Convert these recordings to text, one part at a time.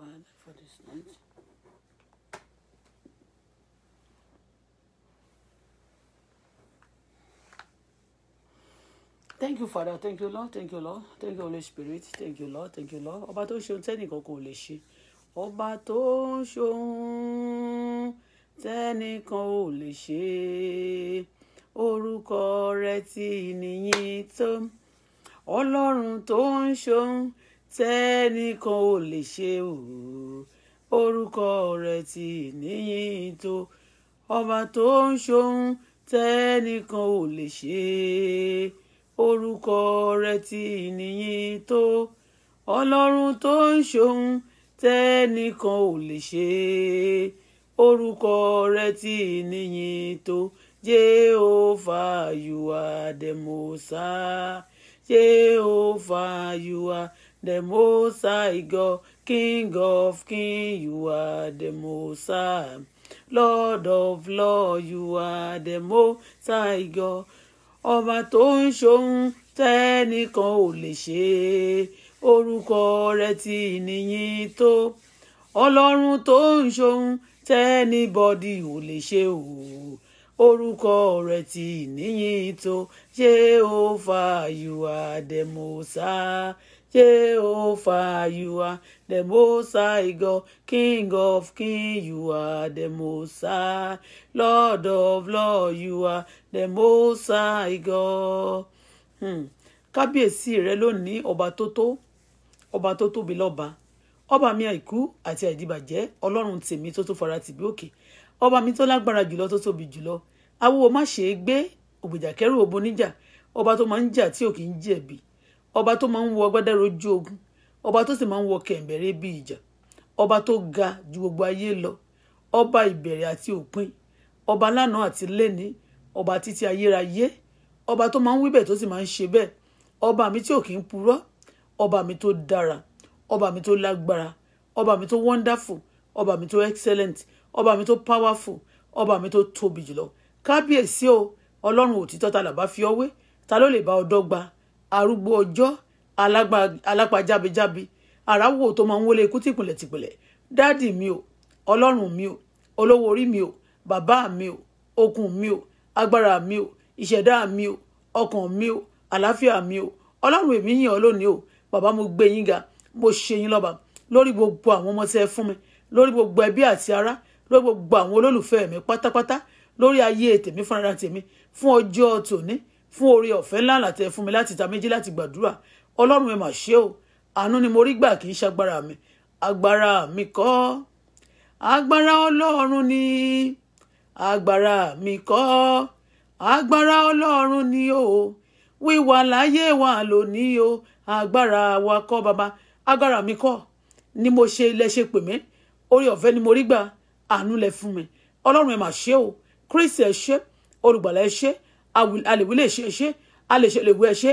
Father for this night. thank you father thank you lord thank you lord thank you holy spirit thank you lord thank you lord ọba tó ń ṣeun tẹ́nìkan kò lè ṣe ọba tó ń ṣeun tẹ́nìkan ò lè ṣe orúkọ rẹ̀ ti nìyí tó ọlọ́run tó ń ṣeun tẹ́nìkan ò lè ṣe o orúkọ rẹ̀ ti níyìn tó ọba tó ń ṣohun tẹ́nìkan ò lè ṣe orúkọ rẹ̀ ti níyìn tó ọlọ́run tó ń ṣohun tẹ́nìkan ò lè ṣe orúkọ rẹ̀ ti níyìn tó jehova you are the Most High you are the Most High God, King of Kings, you are the Most High. Lord of Lords, you are the Most High God. Ọba tó ń ṣohun tẹ́nìkan ò lè ṣe é, orúkọ rẹ̀ ti níyìn tó. Ọlọ́run tó ń ṣohun tẹ́nìbọ̀dì ò lè ṣe o orúkọ rẹ̀ ti níyìn tó ṣé ó fà you are the Most High. Jehovah, you are the most high God, King of kings, you are the most high. Lord of lords, you are the most high God. Hmm. Kábíyèsí rẹ lónìí ọba tó tó, ọba tó tóbi lọ́ba. Ọba mi àìkú àti àìdíbàjẹ́, Ọlọ́run tèmi tó tó fara tìbí òkè. Ọba mi tó lágbára jùlọ tó tóbi jùlọ. Awúwo má ṣe é gbé, ògbèjà kẹ́rù òbóníjà, ọba tó máa ń jà tí ò kì jẹ̀bi ọba tó máa ń wọ agbádáró ojú ogun ọba tó sì máa ń wọ kẹ̀m̀bẹ̀rẹ̀ bí ìjà ọba tó ga ju gbogbo ayé lọ ọba ìbẹ̀rẹ̀ àti òpin ọba lánàá àti lẹ́ni ọba títí ayérayé ọba tó máa ń wíbẹ̀ tó sì máa ń ṣe bẹ́ẹ̀ ọba mi tí ò kí ń purọ́ ọba mi tó dára ọba mi tó lágbára ọba mi tó wonderful ọba mi tó excellent ọba mi tó powerful ọba mi tó tóbi jùlọ kábíyèsí o ọlọ́run òtítọ́ ta làbá fi ọ́ wé ta ló lè bá ọ dọ́gba arúgbó ọjọ́ alápàjábejábe àràwò tó máa ń wọlé ikú tìpìlẹ̀tìpìlẹ̀ dáàdì mi o ọlọ́run mi o olówó orí mi o bàbá mi o okun mi o agbára mi o ìṣẹ̀dá mi o ọkàn mi o àlàáfíà mi o ọlọ́run èmi yìn ọ́ lónìí o bàbá mo gbé yín ga mo ṣe yín lọ́ba lórí gbogbo àwọn ọmọ tí ẹ fún mi lórí gbogbo ẹbí àti ará lórí gbogbo àwọn olólùfẹ́ mi pátápátá lórí ayé tèmi fúnra tèmi fún ọjọ́ tòní fún oore ọ̀fẹ́ ńlá àlàtẹ fún mi láti ta méjì láti gbàdúrà ọlọ́run ẹ mà ṣe o àánú ni mo rí gbà kì í ṣagbára mi agbára mi kọ́ agbára ọlọ́run ni agbára mi kọ́ agbára ọlọ́run ni o wíwà láyé wa lónìí o agbára wa kọ́ baba agbára mi kọ́ ni mo ṣe lẹ ṣe pè mí oore ọ̀fẹ́ ni mo rí gbà àánú lẹ fún mi ọlọ́run ẹ mà ṣe o kristi ẹ ṣé olùgbàlà ẹ ṣé àlèwé lè ṣe ẹṣẹ àlèṣe lè wé ẹṣẹ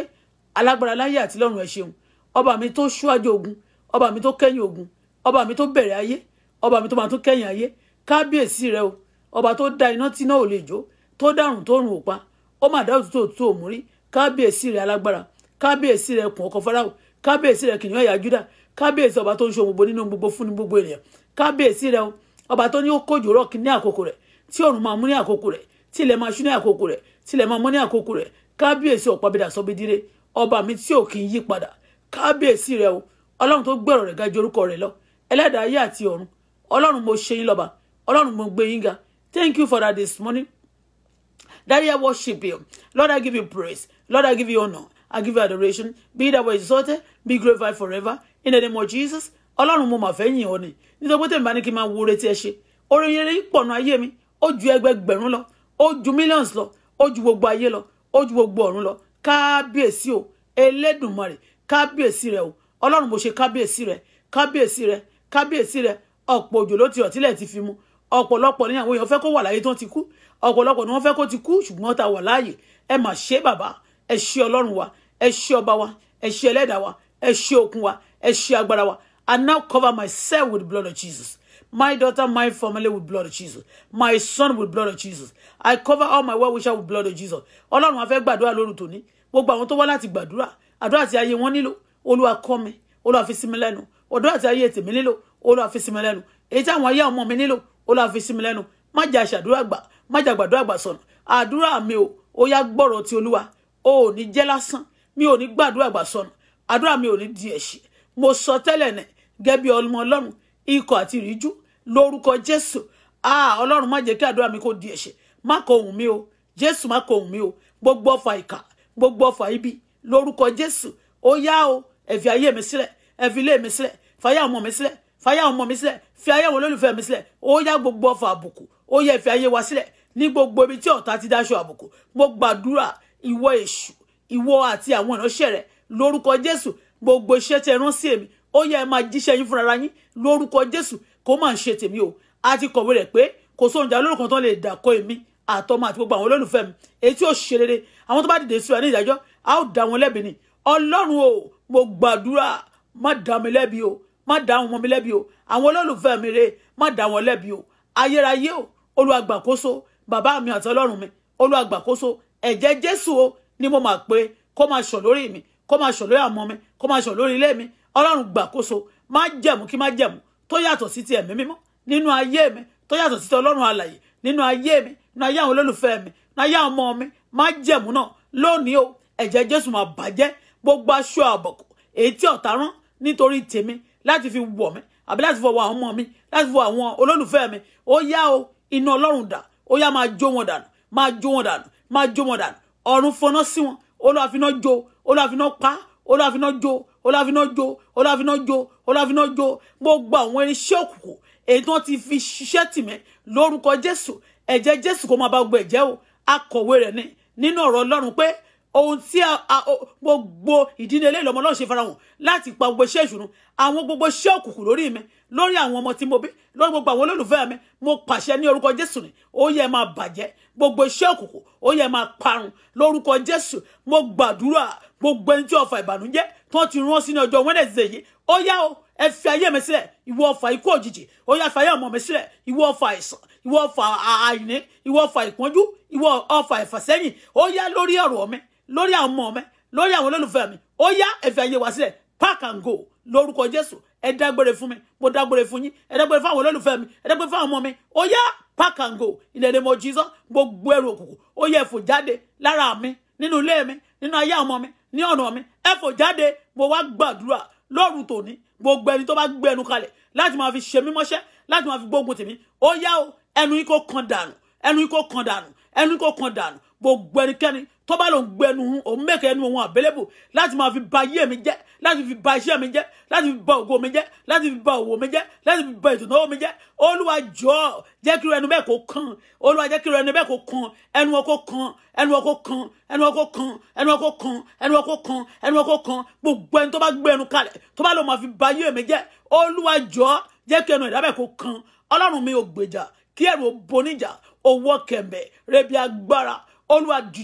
alágbára láyé àti lọ́run ẹ ṣeun ọba mi tó ṣíwájú ogun ọba mi tó kẹ́yìn ogun ọba mi tó bẹ̀rẹ̀ ayé ọba mi tó máa tún kẹ́yìn ayé kábíyèsí rẹ o ọba tó dá iná tí iná ò lè jó tó dárùn tó rùn òpa ó mà dá òtútù òtútù òmùrí kábíyèsí rẹ alágbára kábíyèsí rẹ kùn ọkọ fáráwò kábíyèsí rẹ kìnìún ẹ̀yà júdà kábíyèsí ọba tó ń ṣe gbogbo nínú gbogbo fún ní gbogbo ènìyàn kábíyèsí rẹ o ọba tó ní ó kójú rọọkì ní àkókò rẹ tí òòrùn máa mú ní àkókò rẹ tí ilẹ̀ máa ṣú ní àkókò rẹ tilẹ̀ máa mọ́ ní àkókò rẹ̀ kábíyèsí ọ̀pábẹ́dà sọ́bídíré ọba mi tí ò kì í yí padà kábíyèsí rẹ o ọlọ́run tó gbẹ̀rọ̀ rẹ̀ ga ju orúkọ rẹ̀ lọ ẹlẹ́dàá ayé àti ọ̀run ọlọ́run mo ṣe yín lọ́ba ọlọ́run mo gbé yín ga thank you for that this morning daddy i worship you lord i give you praise lord i give you honor i give you adoration be that way exalted be glorified forever in the name of jesus ọlọ́run mo mà fẹ́ yìn ọ́ ni nítorí pé tèmi bá ní kí n máa wo retí ẹ ṣe orin yẹn pọ̀nà ayé mi ó ju ẹgbẹgbẹ̀rún lọ ó ju millions lọ ó ju gbogbo ayé lọ ó ju gbogbo ọ̀run lọ kábíyèsí o Elédùmarè kábíyèsí rẹ o Ọlọ́run mo ṣe kábíyèsí rẹ kábíyèsí rẹ kábíyèsí rẹ ọ̀pọ̀ òjò ló ti rọ̀ tílẹ̀ ti fi mu ọ̀pọ̀lọpọ̀ ní àwọn èèyàn fẹ́ kó wà láyé tó ti kú ọ̀pọ̀lọpọ̀ ni wọ́n fẹ́ kó ti kú ṣùgbọ́n tá wà láàyè ẹ mà ṣe bàbá ẹ ṣe Ọlọ́run wa ẹ ṣe ọba wa ẹ ṣe ẹlẹ́dàá wa ẹ ṣe okun wa ẹ ṣe agbára wa I now cover myself with the blood of Jesus My daughter, my family with blood of Jesus. My son with blood of Jesus. I cover all my well wishes with blood of Jesus. Ọlọ́run a fẹ́ gbàdúrà lóru tòní. Gbogbo àwọn tó wá láti gbàdúrà. Àdúrà tí ayé wọn nílò. Olúwa kọ́ mi. Olúwa fi sí mi lẹ́nu. Àdúrà tí ayé tèmi nílò. Olúwa fi sí mi lẹ́nu. Èyí tí àwọn ayé ọmọ mi nílò. Olúwa fi sí mi lẹ́nu. Má jà ṣàdúrà gbà. Má jà gbàdúrà gbà sọ̀nà. Àdúrà mi o. Ó yá gbọ́rọ̀ ti Olúwa. O ò ní jẹ́ lásán. Mi ò ní gbàdúrà gbà sọ̀nà. Àdúrà mi ò ní di ẹ̀ṣẹ̀. Mo sọ tẹ́lẹ̀ nẹ̀ gẹ́bí ọmọ Ọlọ́run ikọ̀ àti ìríjú lórúkọ jésù ah ọlọ́run má jẹ́ kí àdúrà mi kó di ẹ̀ṣẹ̀ má kọ ohùn mi o jésù má kọ ohùn mi o gbogbo ọfà ìkà gbogbo ọfà ibi lórúkọ jésù ó yá o ẹ̀fì ayé mi sílẹ̀ ẹ̀fì ilé mi sílẹ̀ fàyà ọmọ mi sílẹ̀ fàyà ọmọ mi sílẹ̀ fi ayé àwọn olólùfẹ́ mi sílẹ̀ ó yá gbogbo ọfà àbùkù ó yá ẹ̀fì ayé wa sílẹ̀ ní gbogbo ibi tí ọ̀tá ti dáṣọ àbùkù mo gbàdúrà ìwọ èṣù ìwọ àti àwọn ìránṣẹ́ rẹ lórúkọ jésù gbogbo iṣẹ́ tẹ rán sí ó yẹ ẹ máa jíṣẹ́ yín fúnra yín lórúkọ jésù kó máa ń ṣe tèmi o a ti kọ̀wé rẹ̀ pé kò sóúnjẹ olórúkọ tán lè dàkọ èmi àtọmọ àti gbogbo àwọn olólùfẹ́ mi èyí tí ó ṣe rere àwọn tó bá dìde sí wa ní ìdájọ́ a ó dá wọn lẹ́bi ni ọlọ́run o mo gbàdúrà má dá mi lẹ́bi o má dá àwọn ọmọ mi lẹ́bi o àwọn olólùfẹ́ mi re má dá wọn lẹ́bi o ayérayé o olúwa gbàkóso bàbá mi àti ọlọ́run mi olúwa gbàkóso ẹ̀jẹ̀ jésù o ni mo máa pe kó máa ṣàn lórí mi kó máa ṣàn lórí àmọ́ mi kó máa ṣàn lórí ilé mi ọlọ́run gbàkóso má jẹ̀mú kí má jẹ̀mú tó yàtọ̀ sí ti ẹ̀mí mímọ́ nínú ayé mi tó yàtọ̀ sí ti ọlọ́run alàyè nínú ayé mi nínú ayé àwọn olólùfẹ́ mi nínú ayé àwọn ọmọ mi má jẹ̀mú náà lónìí o ẹ̀jẹ̀ jésù máa bàjẹ́ gbogbo aṣọ àbọ̀kù èyí tí ọ̀tá rán nítorí tèmi láti fi wọ̀ mí àbí láti fọwọ́ àwọn ọmọ mi láti fọwọ́ àwọn olólùfẹ́ mi ó yá o iná ọlọ́run dà ó yá máa jó wọn dànù máa jó wọn dànù máa jó wọn dànù ọ̀run fọná sí wọn olúwa fi iná jó olúwa fi iná pa olúwa fi iná ọláfínàjò ọláfínàjò ọláfínàjò gbogbo àwọn irinṣẹ́ òkùnkùn èyí tí wọ́n ti fi ṣiṣẹ́ tìmẹ́ lórúkọ jésù ẹ̀jẹ̀ jésù kó máa bá gbogbo ẹ̀jẹ̀ o akọ̀wé rẹ̀ ni nínú ọ̀rọ̀ ọlọ́run pé ohun tí gbogbo ìdílé ìlọmọ ọlọ́run ṣe farahàn láti pa gbogbo iṣẹ́ ìṣúná àwọn gbogbo iṣẹ́ òkùnkùn lórí mi lórí àwọn ọmọ tí mo bí lórí gbogbo àwọn olólùfẹ́ mi mo pàṣẹ ní orúkọ jésù ni ó yẹ máa bàjẹ́ gbogbo iṣẹ́ òkùnkùn ó yẹ máa parun lórúkọ jésù mo gbàdúrà gbogbo ẹni tí ọfà ìbànújẹ́ tó ti rán sí ní ọjọ́ Wednesday yìí ó yá o ẹ fi ayé mi sílẹ̀ ìwọ ọfà ikú òjijì ó yá fi ayé ọmọ mi sílẹ̀ ìwọ ọfà àìsàn ìwọ ọfà àìní ìwọ ọfà ìpọ́njú ìwọ ọfà ìfàsẹ́yìn ó yá lórí ọ̀rọ̀ mi lórí àwọn ọmọ mi lórí àwọn olólùfẹ́ mi ó yá ẹ fi ayé wa sílẹ̀ pack and go lórúkọ Jésù ẹ dágbére fún mi mo dágbére fún yín ẹ dágbére fún àwọn olólùfẹ́ mi ẹ dágbére fún àwọn ọmọ mi ó yá pack and go ilẹ̀ èdè mo jí sọ gbogbo ẹrù òkùnkùn ó yá ẹ fò jáde lára mi nínú ilé mi nínú ayé àwọn ọmọ mi ní ọ̀nà mi ẹ fò jáde mo wá gbàdúrà lóru tòní gbogbo ẹni tó bá gbé ẹnu kalẹ̀ láti máa fi ṣe mí mọ́ṣẹ́ láti máa fi gbógun tèmi ó yá o ẹnu yìí kan dànù ẹnu yìí kan dànù ẹnu yìí kan dànù gbogbo ẹnikẹ́ni tó bá lòun gbẹnu òun mẹ́kẹ̀ẹ́ ẹnu òun àbẹ́lẹ́bù láti máa fi ba ayé mi jẹ́ láti fi ba iṣẹ́ mi jẹ́ láti fi ba ògo mi jẹ́ láti fi ba òwò mi jẹ́ láti fi ba ìdùnnú mi jẹ́ olúwa jọ̀ọ́ jẹ́ kí ẹnu bẹ́ẹ̀ kó kàn olúwa jẹ́ kí ẹnu bẹ́ẹ̀ kó kàn ẹnu ọkọ kàn ẹnu ọkọ kàn ẹnu ọkọ kàn ẹnu ọkọ kàn ẹnu ọkọ kàn ẹnu ọkọ kàn gbogbo ẹni tó bá gbé ẹnu kalẹ̀ tó bá lòun máa fi ba ayé mi jẹ́ olúwa jọ̀ọ́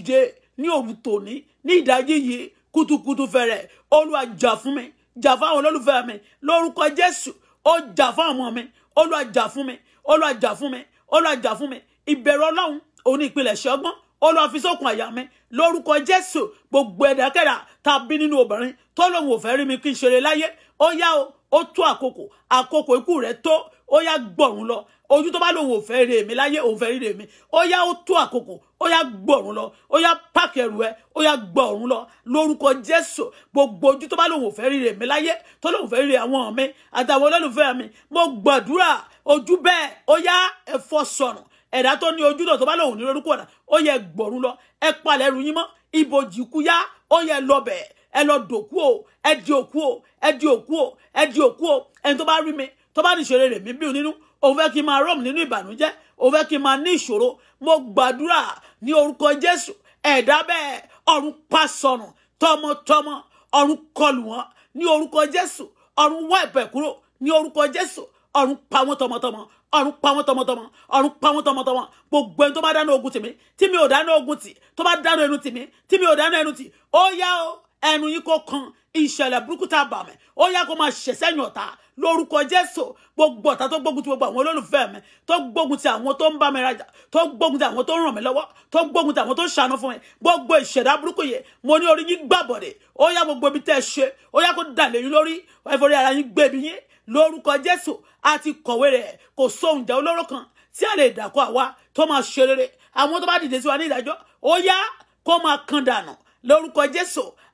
jẹ́ kí Ni òru tòní ní ìdájí yìí kùtùkùtù fẹ̀rẹ̀ Olúwa jà fún mi jà fáwọn olólùfẹ́ mi lórúkọ Jésù ó jà fún ọmọ mi Olúwa jà fún mi Olúwa jà fún mi Olúwa jà fún mi ìbẹ̀rù Ọlọ́run òun ní ìpìlẹ̀ ṣọgbọ́n Olúwa fi sókun àyà mi lórúkọ Jésù gbogbo ẹ̀dákẹ́dà tàbí nínú obìnrin tó lóun ò fẹ́ rí mi kí n ṣeré láyé ó yá o ó tó àkókò àkókò ikú rẹ tó ó yá gbọ̀run Oju tó bá lòun ò fẹ́ rí èmi láyé òun fẹ́ rí èmi ó yá ó tó àkókò ó yá gbọ̀rún lọ ó yá páàkì ẹrù ẹ ó yá gbọ̀rún lọ lórúkọ jésù gbogbo ojú tó bá lòun ò fẹ́ rí èmi láyé tó lòun fẹ́ rí àwọn mi àtàwọn olólùfẹ́ mi mo gbàdúrà ojú bẹ́ẹ̀ ó E ẹ̀fọ́ sọnù ẹ̀dá tó ní ojú náà tó bá lòun ní lórúkọ ọ̀nà ó yẹ gbọ̀rún lọ ẹ palẹ̀ ẹrù yín mọ́ ibojì kú yá ó yẹ lọ bẹ̀ẹ́ ẹ lọ dòkú o ẹ di òkú o ẹ di òkú o ẹ di òkú o ẹni tó bá rí mi tó bá níṣòro rẹ̀ mí bí nínú òun fẹ́ kí n máa rọ́ọ̀mù nínú ìbànújẹ́ òun fẹ́ kí n máa ní ìṣòro mo gbàdúrà ní orúkọ jésù ẹ̀dá bẹ́ẹ̀ ọ̀run pa sọnù tọmọtọmọ ọ̀run kọlù wọn ní orúkọ jésù ọ̀run wá ẹ̀bẹ̀ kúrò ní orúkọ jésù ọ̀run pa wọn tọmọtọmọ ọ̀run pa wọn tọmọtọmọ ọ̀run pa wọn tọmọtọmọ gbogbo ẹni tó bá dáná ogun tì tí mi ò dáná ogun tì tó bá dáná ẹnu tì tí mi ò dáná ẹnu tì ó yá o ẹnu yín kó kan ìṣẹ̀lẹ̀ burúkú tá a bà mí ó yá kó máa ṣẹ̀ sẹ́yìn ọ̀tá lórúkọ jésù gbogbo ọ̀tá tó gbógun ti gbogbo àwọn olólùfẹ́ mi tó gbógun ti àwọn tó ń bá mi rajà tó gbógun ti àwọn tó ń ràn mí lọ́wọ́ tó gbógun ti àwọn tó ń ṣàánú fún mi gbogbo ìṣẹ̀dá burúkú yẹn mo ní orí yín gbàbọ̀dẹ̀ ó yá gbogbo ibi tẹ́ ẹ ṣe ó yá kó dàlẹ́ yín lórí wáyé forí ara yín gbẹ̀bí yín lórúkọ jésù àti kọ̀wé rẹ̀ kò sóhun jẹ́ olóró kan tí a lè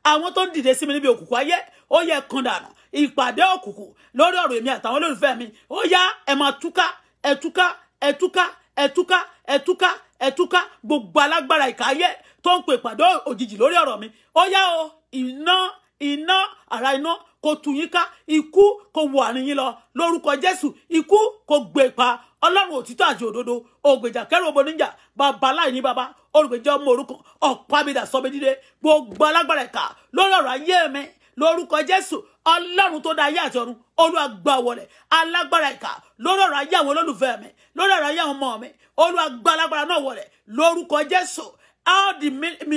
àwọn tó ń dìde sí mi níbi òkùnkùn ayé ó yẹ kan dànù ìpàdé òkùnkùn lórí ọ̀rọ̀ èmi àtàwọn olólùfẹ́ mi ó yá ẹ máa túká ẹ túká ẹ túká ẹ túká ẹ túká ẹ túká gbogbo alágbára ìkà ayé tó ń pe ìpàdé òjijì lórí ọ̀rọ̀ mi ó yá o iná iná àrá iná kò tù yín ká ikú kò wọ àárín yín lọ lórúkọ Jésù ikú kò gbé e pa Ọlọ́run òtítọ́ àti òdodo ògbèjà kẹrù obo níjà bàbá láì ní bàbá olùgbèjọ mọ orúkọ ọ̀pọ̀ abidà sọ mi dídé gbogbo alágbára ẹ̀ka lórí ọ̀rọ̀ ayé mi lórúkọ jésù ọlọ́run tó dá ayé àti ọ̀run olúwa wọlé alágbára ẹ̀ka lórí ọ̀rọ̀ ayé àwọn olólùfẹ́ mi lórí ọ̀rọ̀ ayé àwọn ọmọ mi olúwa alágbára náà wọlé lórúkọ jésù out the,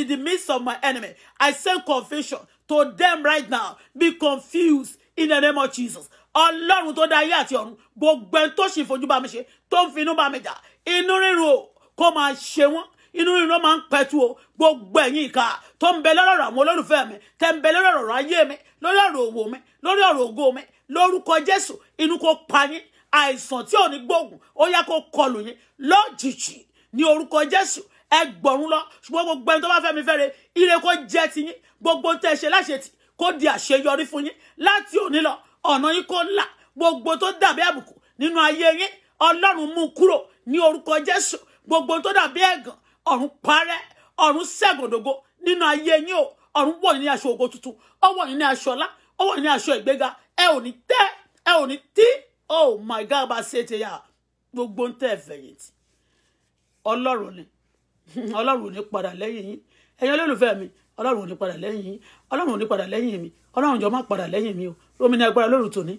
the midst of my enemy i send confusion to them right now be confused in the name of jesus ọlọ́run tó dá ayé àti ọ̀run gbogbo ẹni tó sì fojú bá mi ṣe tó ń finú bá mi jà inú rírun o kó máa ṣe wọ́n inú ni ló máa ń pẹ̀tù o gbogbo ẹ̀yin ìka tó ń bẹ lọ́rọ̀ àwọn olólùfẹ́ mi tẹ́ ń bẹ lọ́rọ̀ ọ̀rọ̀ ayé mi lórí ọ̀rọ̀ òwò mi lórí ọ̀rọ̀ ògo mi lórúkọ Jésù inú kó pa yín àìsàn tí ò ní gbóògùn ó yá kó kọlù yín lójijì ní orúkọ Jésù ẹgbọ̀rún lọ ṣùgbọ́n gbogbo ẹni tó bá fẹ́ mi fẹ́ re ire kó jẹ́ ti yín gbogbo tẹ́ ṣe láṣetì kó di àṣeyọrí fún yín láti òní lọ ọ̀nà yín kó là gbogbo tó dàbí àbùkù nínú ayé yín ọlọ́run mú kúrò ní orúkọ jésù gbogbo tó dàbí ẹ̀gàn ọrụ parẹ ọrụ ṣẹ́gòdògo nínú ayé yín o ọ̀run wọ̀ ní aṣọ ògo tuntun ó wọ̀ ní aṣọ ọlá ó wọ̀ ní aṣọ ìgbéga ẹ ò ní tẹ́ ẹ ò ní tí oh my god bá ṣe ti yà gbogbo ń tẹ́ ẹ fẹ̀yìntì ọlọ́run ni ọlọ́run ò padà yín mi padà o ní agbára tòní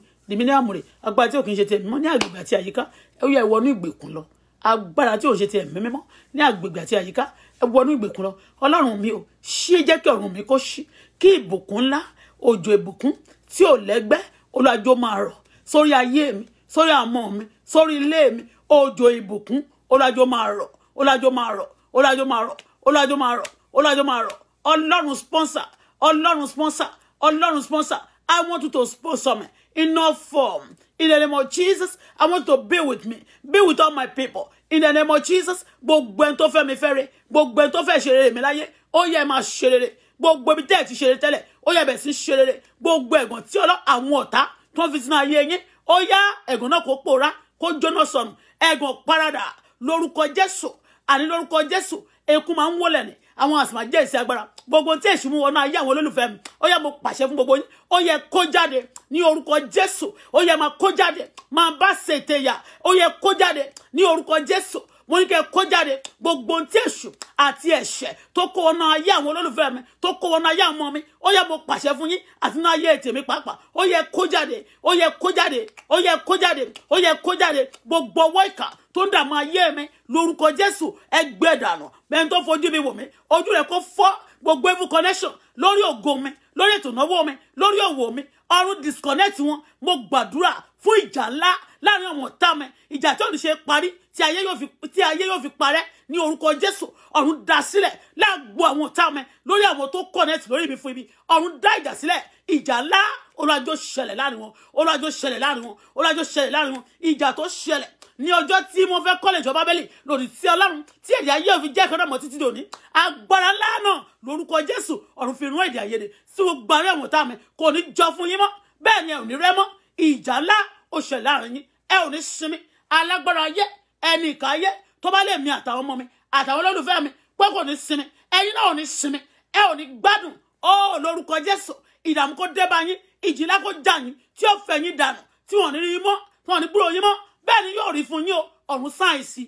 agbára tí ò ṣe ti ẹ̀mí mímọ́ ní agbègbè àti àyíká ẹ wọnú ìgbèkùn lọ ọlọ́run mi ò ṣí jẹ́ kí ọ̀run mi kó ṣí kí ìbùkún ńlá òjò ìbùkún tí ò lẹ́gbẹ́ olùwàjò máa rọ̀ sórí ayé mi sórí àmọ́ mi sórí ilé mi òjò ìbùkún olùwàjò máa rọ̀ olùwàjò máa rọ̀ olùwàjò máa rọ̀ olùwàjò máa rọ̀ olùwàjò máa rọ̀ ọlọ́run sponsor ọlọ́run sponsor ọlọ́run sponsor i want you to sponsor me enough all form In the name of Jesus, I want to be with me. Be with all my people. In the name of Jesus, gbogbo ẹni tó fẹ́ mi fẹ́re, gbogbo ẹni tó fẹ́ ṣe rere mi láyé, ó yẹ máa ṣe rere. Gbogbo ibi tẹ́ ẹ̀ ti ṣe rere tẹ́lẹ̀, ó yẹ bẹ̀ sí ṣe rere. Gbogbo ẹ̀gàn tí ọlọ́ àwọn ọ̀tá tó ń fi sínú ayé yín, ó yá ẹ̀gàn náà kó pòórá, kó jóná sọnù. Ẹ̀gàn paradà lórúkọ Jésù, àní lórúkọ Jésù, eku máa ń ni, àwọn àsìmọ̀ jẹ́ ìsí agbára gbogbo tí èṣù mú wọnú ayé àwọn olólùfẹ́ mi ó yẹ mo pàṣẹ fún gbogbo yín ó yẹ kó jáde ní orúkọ jésù ó yẹ máa kó jáde máa bá ṣètè yà ó yẹ kó jáde ní orúkọ jésù mo ní kẹ́ kó jáde gbogbo tí èṣù àti ẹ̀ṣẹ̀ tó kó ọ̀nà ayé àwọn olólùfẹ́ mi tó kó ọ̀nà ayé àwọn ọmọ mi ó yẹ mo pàṣẹ fún yín àti náà ayé ètè mi pàápàá ó yẹ kó jáde ó yẹ kó jáde ó yẹ kó jáde ó yẹ kó jáde gbogbo ọwọ́ ìkà tó ń dààmú ayé mi lórúkọ Jésù ẹgbẹ́ e dànù bẹ́ẹ̀ tó fojú mi wò mí ojú rẹ̀ kó fọ́ gbogbo evil connection lórí ògo mi lórí ètò ìnáwó mi lórí òwò mi ọrùn disconnect wọn mo gbàdúrà fún ìjà ńlá láàrin àwọn ọ̀tá mi ìjà tí ò ṣe parí tí ayé yóò fi tí ayé yóò fi parẹ́ ní orúkọ Jésù ọ̀run dá sílẹ̀ láàgbo àwọn ọ̀tá mi lórí àwọn tó connect lórí mi fún ibi ọ̀run dá ìjà sílẹ̀ ìjà ńlá olùwàjò ṣẹlẹ̀ láàrin wọn olùwàjò ṣẹlẹ̀ láàrin wọn olùwàjò ṣẹlẹ̀ láàrin wọn ìjà tó ṣẹlẹ̀ ní ọjọ́ tí mo fẹ́ kọ́lẹ̀jọ bábẹ́lì lòdì sí ọlọ́run tí èdè ayé òfin jẹ́ ìkọ́nà mọ̀ títí dòní agbára ńlá náà lórúkọ Jésù ọ̀run fi rún èdè ayéde sí gbogbo àárẹ̀ àwọn ọ̀tá mi kò ní jọ fún yín mọ́ bẹ́ẹ̀ ni ẹ̀ ò ní rẹ́ mọ́ ìjà ńlá ó ṣẹlẹ̀ yín ẹ ò ní sinmi alágbára ayé ẹnì ìkáyé tó bá lè mi àtàwọn ọmọ mi àtàwọn olólùfẹ́ mi pé kò ní sinmi ẹ̀yin náà ò ní sinmi ẹ ò ní gbádùn ó lórúkọ Jésù ìdààmú kó dé bá yín ìjì ńlá kó jà yín tí ó fẹ́ yín dànù tí wọ́n ní rí mọ́ tí wọ́n ní gbúrò yín mọ́ bẹ́ẹ̀ ni yóò rí fún yín o ọ̀run sáyẹ̀nsì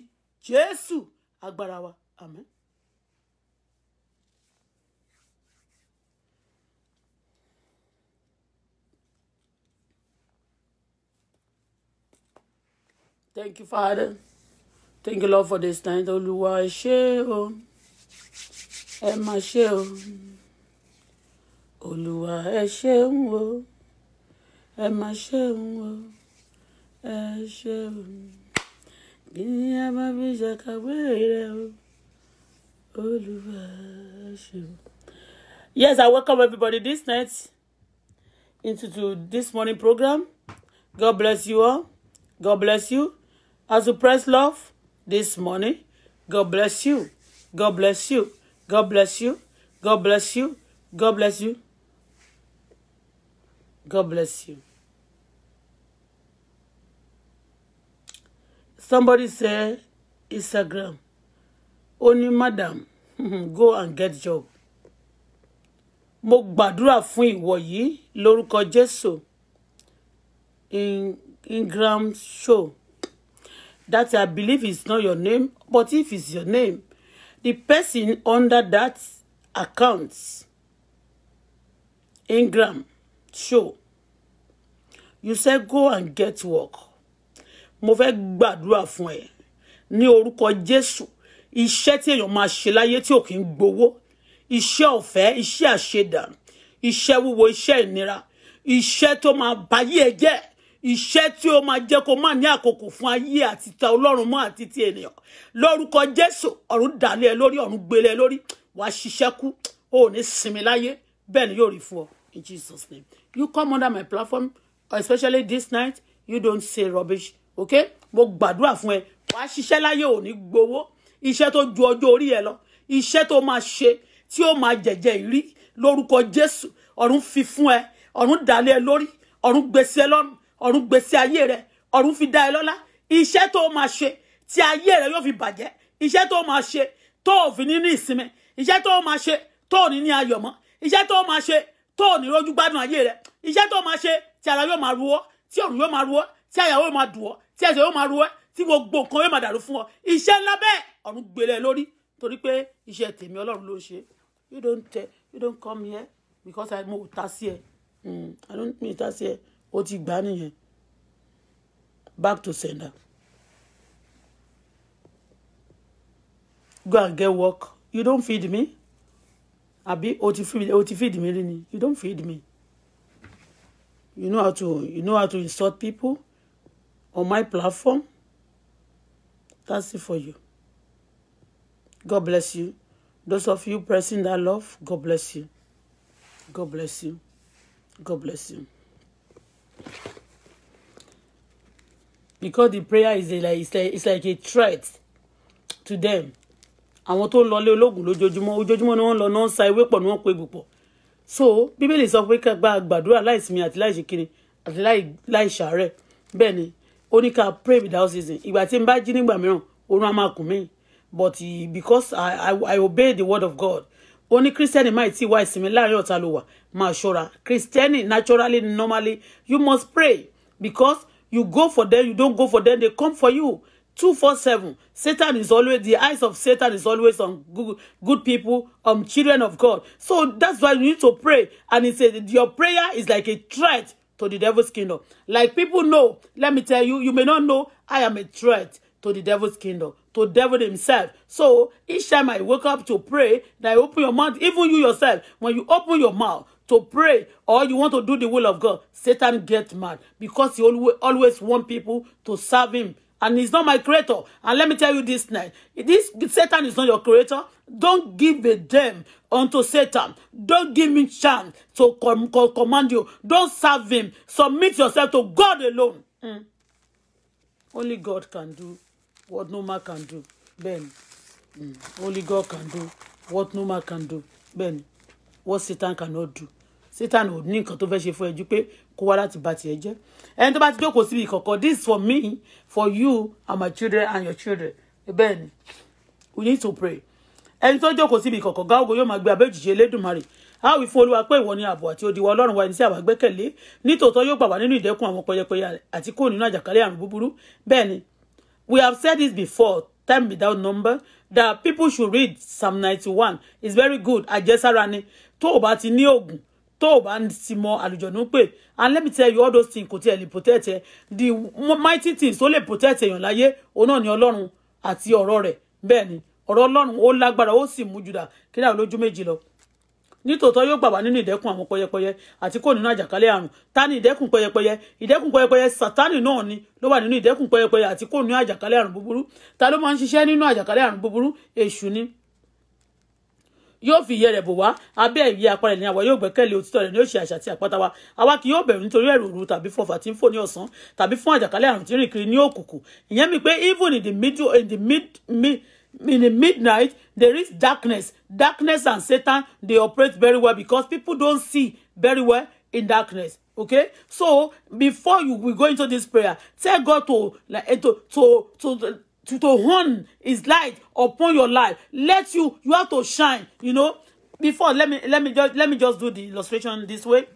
Jésù agbára wa àmín. Thank you, Father. Thank you, Lord, for this night. Olúwa ẹ o. Ẹ mà ṣé o. Olúwa ẹ ṣeun o. Ẹ mà ṣeun o. Ẹ ṣeun. Bí a bá fi ṣàkàwé rẹ o. Olúwa ẹ ṣeun. Yes, I welcome everybody this night into to this morning program. God bless you all. God bless you. As you press love this morning. God bless you. God bless you. God bless you. God bless you. God bless you. God bless you. Somebody say Instagram. Only madam, go and get job. Mo gbàdúrà fún ìwọ yìí lórúkọ Jésù. In Ingram show that I believe is not your name, but if it's your name, the person under that account, Ingram, show. You say go and get work. Mo fẹ́ gbàdúrà fún ẹ ní orúkọ Jésù. Iṣẹ́ tí èèyàn máa ṣe láyé tí ò kí ń gbowó. Iṣẹ́ ọ̀fẹ́, iṣẹ́ àṣedànù, iṣẹ́ wúwo, iṣẹ́ ìnira, iṣẹ́ tó máa bayé iṣẹ́ tí ó máa jẹ́ kó má ní àkókò fún ayé àti ta ọlọ́run mọ́ àti ti ènìyàn lórúkọ jésù ọ̀run dàlẹ́ lórí ọ̀run gbélé lórí wàá ṣiṣẹ́ kú o ò ní sinmi láyé bẹ́ẹ̀ ni yóò rí fún ọ in jesus name you come under my platform especially this night you don't say rubbish okay mo gbàdúrà fún ẹ wàá ṣiṣẹ́ láyé ò ní gbowó iṣẹ́ tó ju ọjọ́ orí ẹ lọ iṣẹ́ tó máa ṣe tí ó máa jẹ̀jẹ̀ ìrí lórúkọ jésù ọ̀run fi fún ẹ ọ̀run dàlẹ́ lórí ọ̀run gbèsè lọ́rùn ọ̀run gbèsè ayé rẹ ọ̀run fi dá ẹ lọ́lá iṣẹ́ tó máa ṣe tí ayé rẹ yóò fi bàjẹ́ iṣẹ́ tó máa ṣe tó ò fi ní ìsinmi iṣẹ́ tó máa ṣe tó ò ní ní ayọ̀ mọ́ iṣẹ́ tó máa ṣe tó ò ní rójú gbádùn ayé rẹ iṣẹ́ tó máa ṣe tí ara yóò máa ru ọ́ tí ọ̀run yóò máa ru ọ́ tí àyà yóò máa dùn ọ́ tí ẹsẹ̀ yóò máa ru ọ́ tí gbogbo nǹkan yóò máa dàrú fún ọ iṣẹ́ ńlá bẹ́ẹ̀ ọ̀run gbélé lórí torí pé iṣẹ́ tèmi ọlọ́run ló ṣe you don't tell you don't come here because i mo ta sí ẹ hmm, i don't mean ta sí ẹ ó ti gbà nìyẹn back to sender go and get work you don't feed me àbí o ti feed o ti feed me rí you don't feed me you know how to you know how to insult people on my platform that's it for you God bless you those of you pressing that love God bless you God bless you God bless you because the prayer is a, like it's like it's like a threat to them àwọn tó ń lọlé ológun lójoojúmọ́ ojoojúmọ́ ni wọ́n lọ náà ń sa ewé pọ̀ ni wọ́n pe gbùpọ̀ so bíbélì sọ pé ká gba gbàdúrà láìsinmi àti láìṣekiri àti láìṣàárẹ̀ bẹ́ẹ̀ ni ó ní ká pray without ceasing ìgbà tí n bá jí nígbà mìíràn oorun á máa kùn mí but because I, I obey the word of God ó Christian, kírísítẹ́nì máì tí wá ìsinmi láàrin ọ̀tá ló wà máa ṣọ́ra naturally normally you must pray because you go for them you don't go for them they come for you two four seven satan is always the eyes of satan is always on good, good people um, children of god so that's why you need to pray and he said your prayer is like a threat to the devil's kingdom like people know let me tell you you may not know i am a threat to the devil's kingdom, to devil himself. So each time I wake up to pray, that I open your mouth, even you yourself, when you open your mouth to pray or you want to do the will of God, Satan gets mad because he always, always want people to serve him. And he's not my creator. And let me tell you this night, this Satan is not your creator. Don't give a damn unto Satan. Don't give him chance to com com command you. Don't serve him. Submit yourself to God alone. Mm. Only God can do what no man can do Ben. mm. only God can do what no man can do Ben. what Satan cannot do Satan ò ní nǹkan tó fẹ́ ṣe fún ẹjú pé kó wá láti bà tiẹ̀ jẹ́ ẹni tó bá ti jókòó síbi ìkọ̀kọ̀ this for me for you and my children and your children Ben. we need to pray ẹni tó jókòó síbi ìkọ̀kọ̀ gáwó yóò máa gbé abẹ́jìṣe Elédùmarè a ó wí fún olúwa pé ìwọ ni ààbò àti odi wa ọlọ́run wa ẹni sí àwa gbẹ́kẹ̀lé nítòótọ́ yóò gbà wá nínú ìdẹ́kun àwọn pẹyẹpẹyẹ àti kó nínú àjàkálẹ̀ àrùn búburú bẹ́ẹ̀ ni We have said this before, time without number, that people should read Psalm 91. It's very good. I just Tó o bá ti ní oògùn, tó o And let me tell you, all those things kò tiẹ̀ The mighty things tó lè protect èèyàn láyé, òun náà ni Ọlọ́run àti ọ̀rọ̀ rẹ̀. Bẹ́ẹ̀ ni, ọ̀rọ̀ Ọlọ́run ó lágbára ó sì mú jùdà kí náà lójú nítòótọ́ yóò gbà wá nínú ìdẹ́kùn àwọn pẹyẹpẹyẹ àti kò nínú àjàkálẹ̀ àrùn ta ni ìdẹ́kùn pẹyẹpẹyẹ ìdẹ́kùn pẹyẹpẹyẹ sátánì náà ni ló wà nínú ìdẹ́kùn pẹyẹpẹyẹ àti kò nínú àjàkálẹ̀ àrùn búburú ta ló máa ń ṣiṣẹ́ nínú àjàkálẹ̀ àrùn búburú èṣù ni yóò fi ìyẹ́ rẹ̀ bò wá abẹ́ ìyẹ́ apá rẹ̀ ní àwa yóò gbẹ́kẹ̀lé òtítọ́ rẹ̀ ní òṣì àṣà àti àpáta wa àwa kì yóò bẹ̀rù nítorí ẹ̀rù òru tàbí fọfà tí ń fò ní ọ̀sán tàbí fún àjàkálẹ̀ àrùn tí ń rìn kiri ní òkùnkùn ìyẹn mi pé even in the middle in the mid, mid in the midnight, there is darkness. Darkness and Satan, they operate very well because people don't see very well in darkness. Okay, so before you we go into this prayer, tell God to eh, to to to to, to hone His light upon your life. Let you you have to shine. You know, before let me let me just let me just do the illustration this way.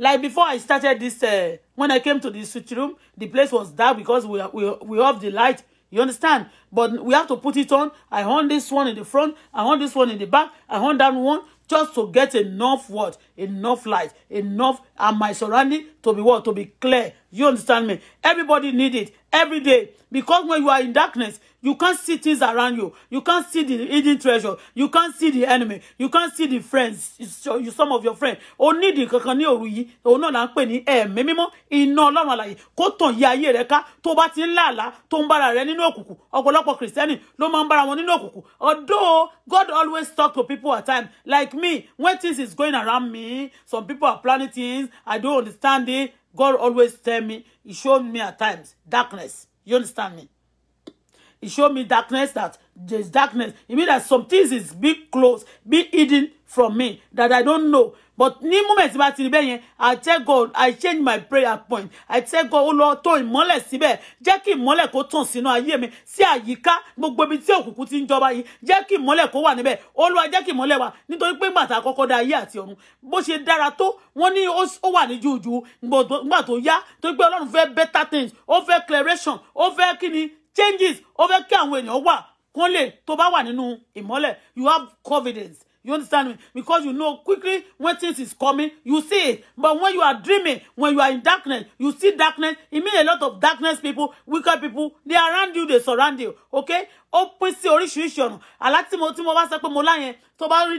Like before I started this, uh, when I came to the switch room, the place was dark because we we we off the light You understand? But we have to put it on. I want this one in the front. I want this one in the back. I want that one just to get enough what? Enough light. Enough and my surrounding to be what? To be clear. You understand me? Everybody need it every day because when you are in darkness you can't see things around you you can't see the hidden treasure you can't see the enemy you can't see the friends you, some of your friends o ní kankan ní òru yìí òun náà là ń pè ní ẹ̀mí mímọ́ iná ọlọ́run àlàyé kó tàn yí ayé rẹ ká tó bá ti ń làálàá tó ń bára rẹ nínú òkùnkùn ọ̀pọ̀lọpọ̀ kìrìsìtẹ́nì ló máa ń bára although God always talk to people at times like me when things is going around me some people are planning things I don't understand it God always tell me, He showed me at times darkness. You understand me? He showed me darkness that there's darkness. It means that some things is being closed, being hidden from me that I don't know but ni moment ba ti rí bẹ́ẹ̀ i tell god i change my prayer point i tell god ó lọ tó ìmọ́lẹ̀ síbẹ̀ jẹ́ kí ìmọ́lẹ̀ kó tàn sínú ayé mi sí àyíká gbogbo ibi tí òkùnkùn ti ń jọba yìí jẹ́ kí ìmọ́lẹ̀ kó wà wa. olúwa jẹ́ kí ìmọ́lẹ̀ wà nítorí pé ńgbà tá a kọ́kọ́ dá ayé àti ọ̀run bó ṣe dára tó wọ́n ní ó wà ní júùjù ńgbà tó yá torí pé ọlọ́run fẹ́ better things ó fẹ́ clearation ó fẹ́ kí changes ó fẹ́ kí àwọn èèyàn wà kán lè tó bá wà nínú ìmọ́lẹ̀ you have confidence You understand me? Because you know quickly when things is coming, you see it. But when you are dreaming, when you are in darkness, you see darkness. It means a lot of darkness people, wicked people, they are around you, they surround you. Okay? Ó pín sí oríṣiríṣi ọ̀nà. Àlá tí mo tí mo bá sọ pé mo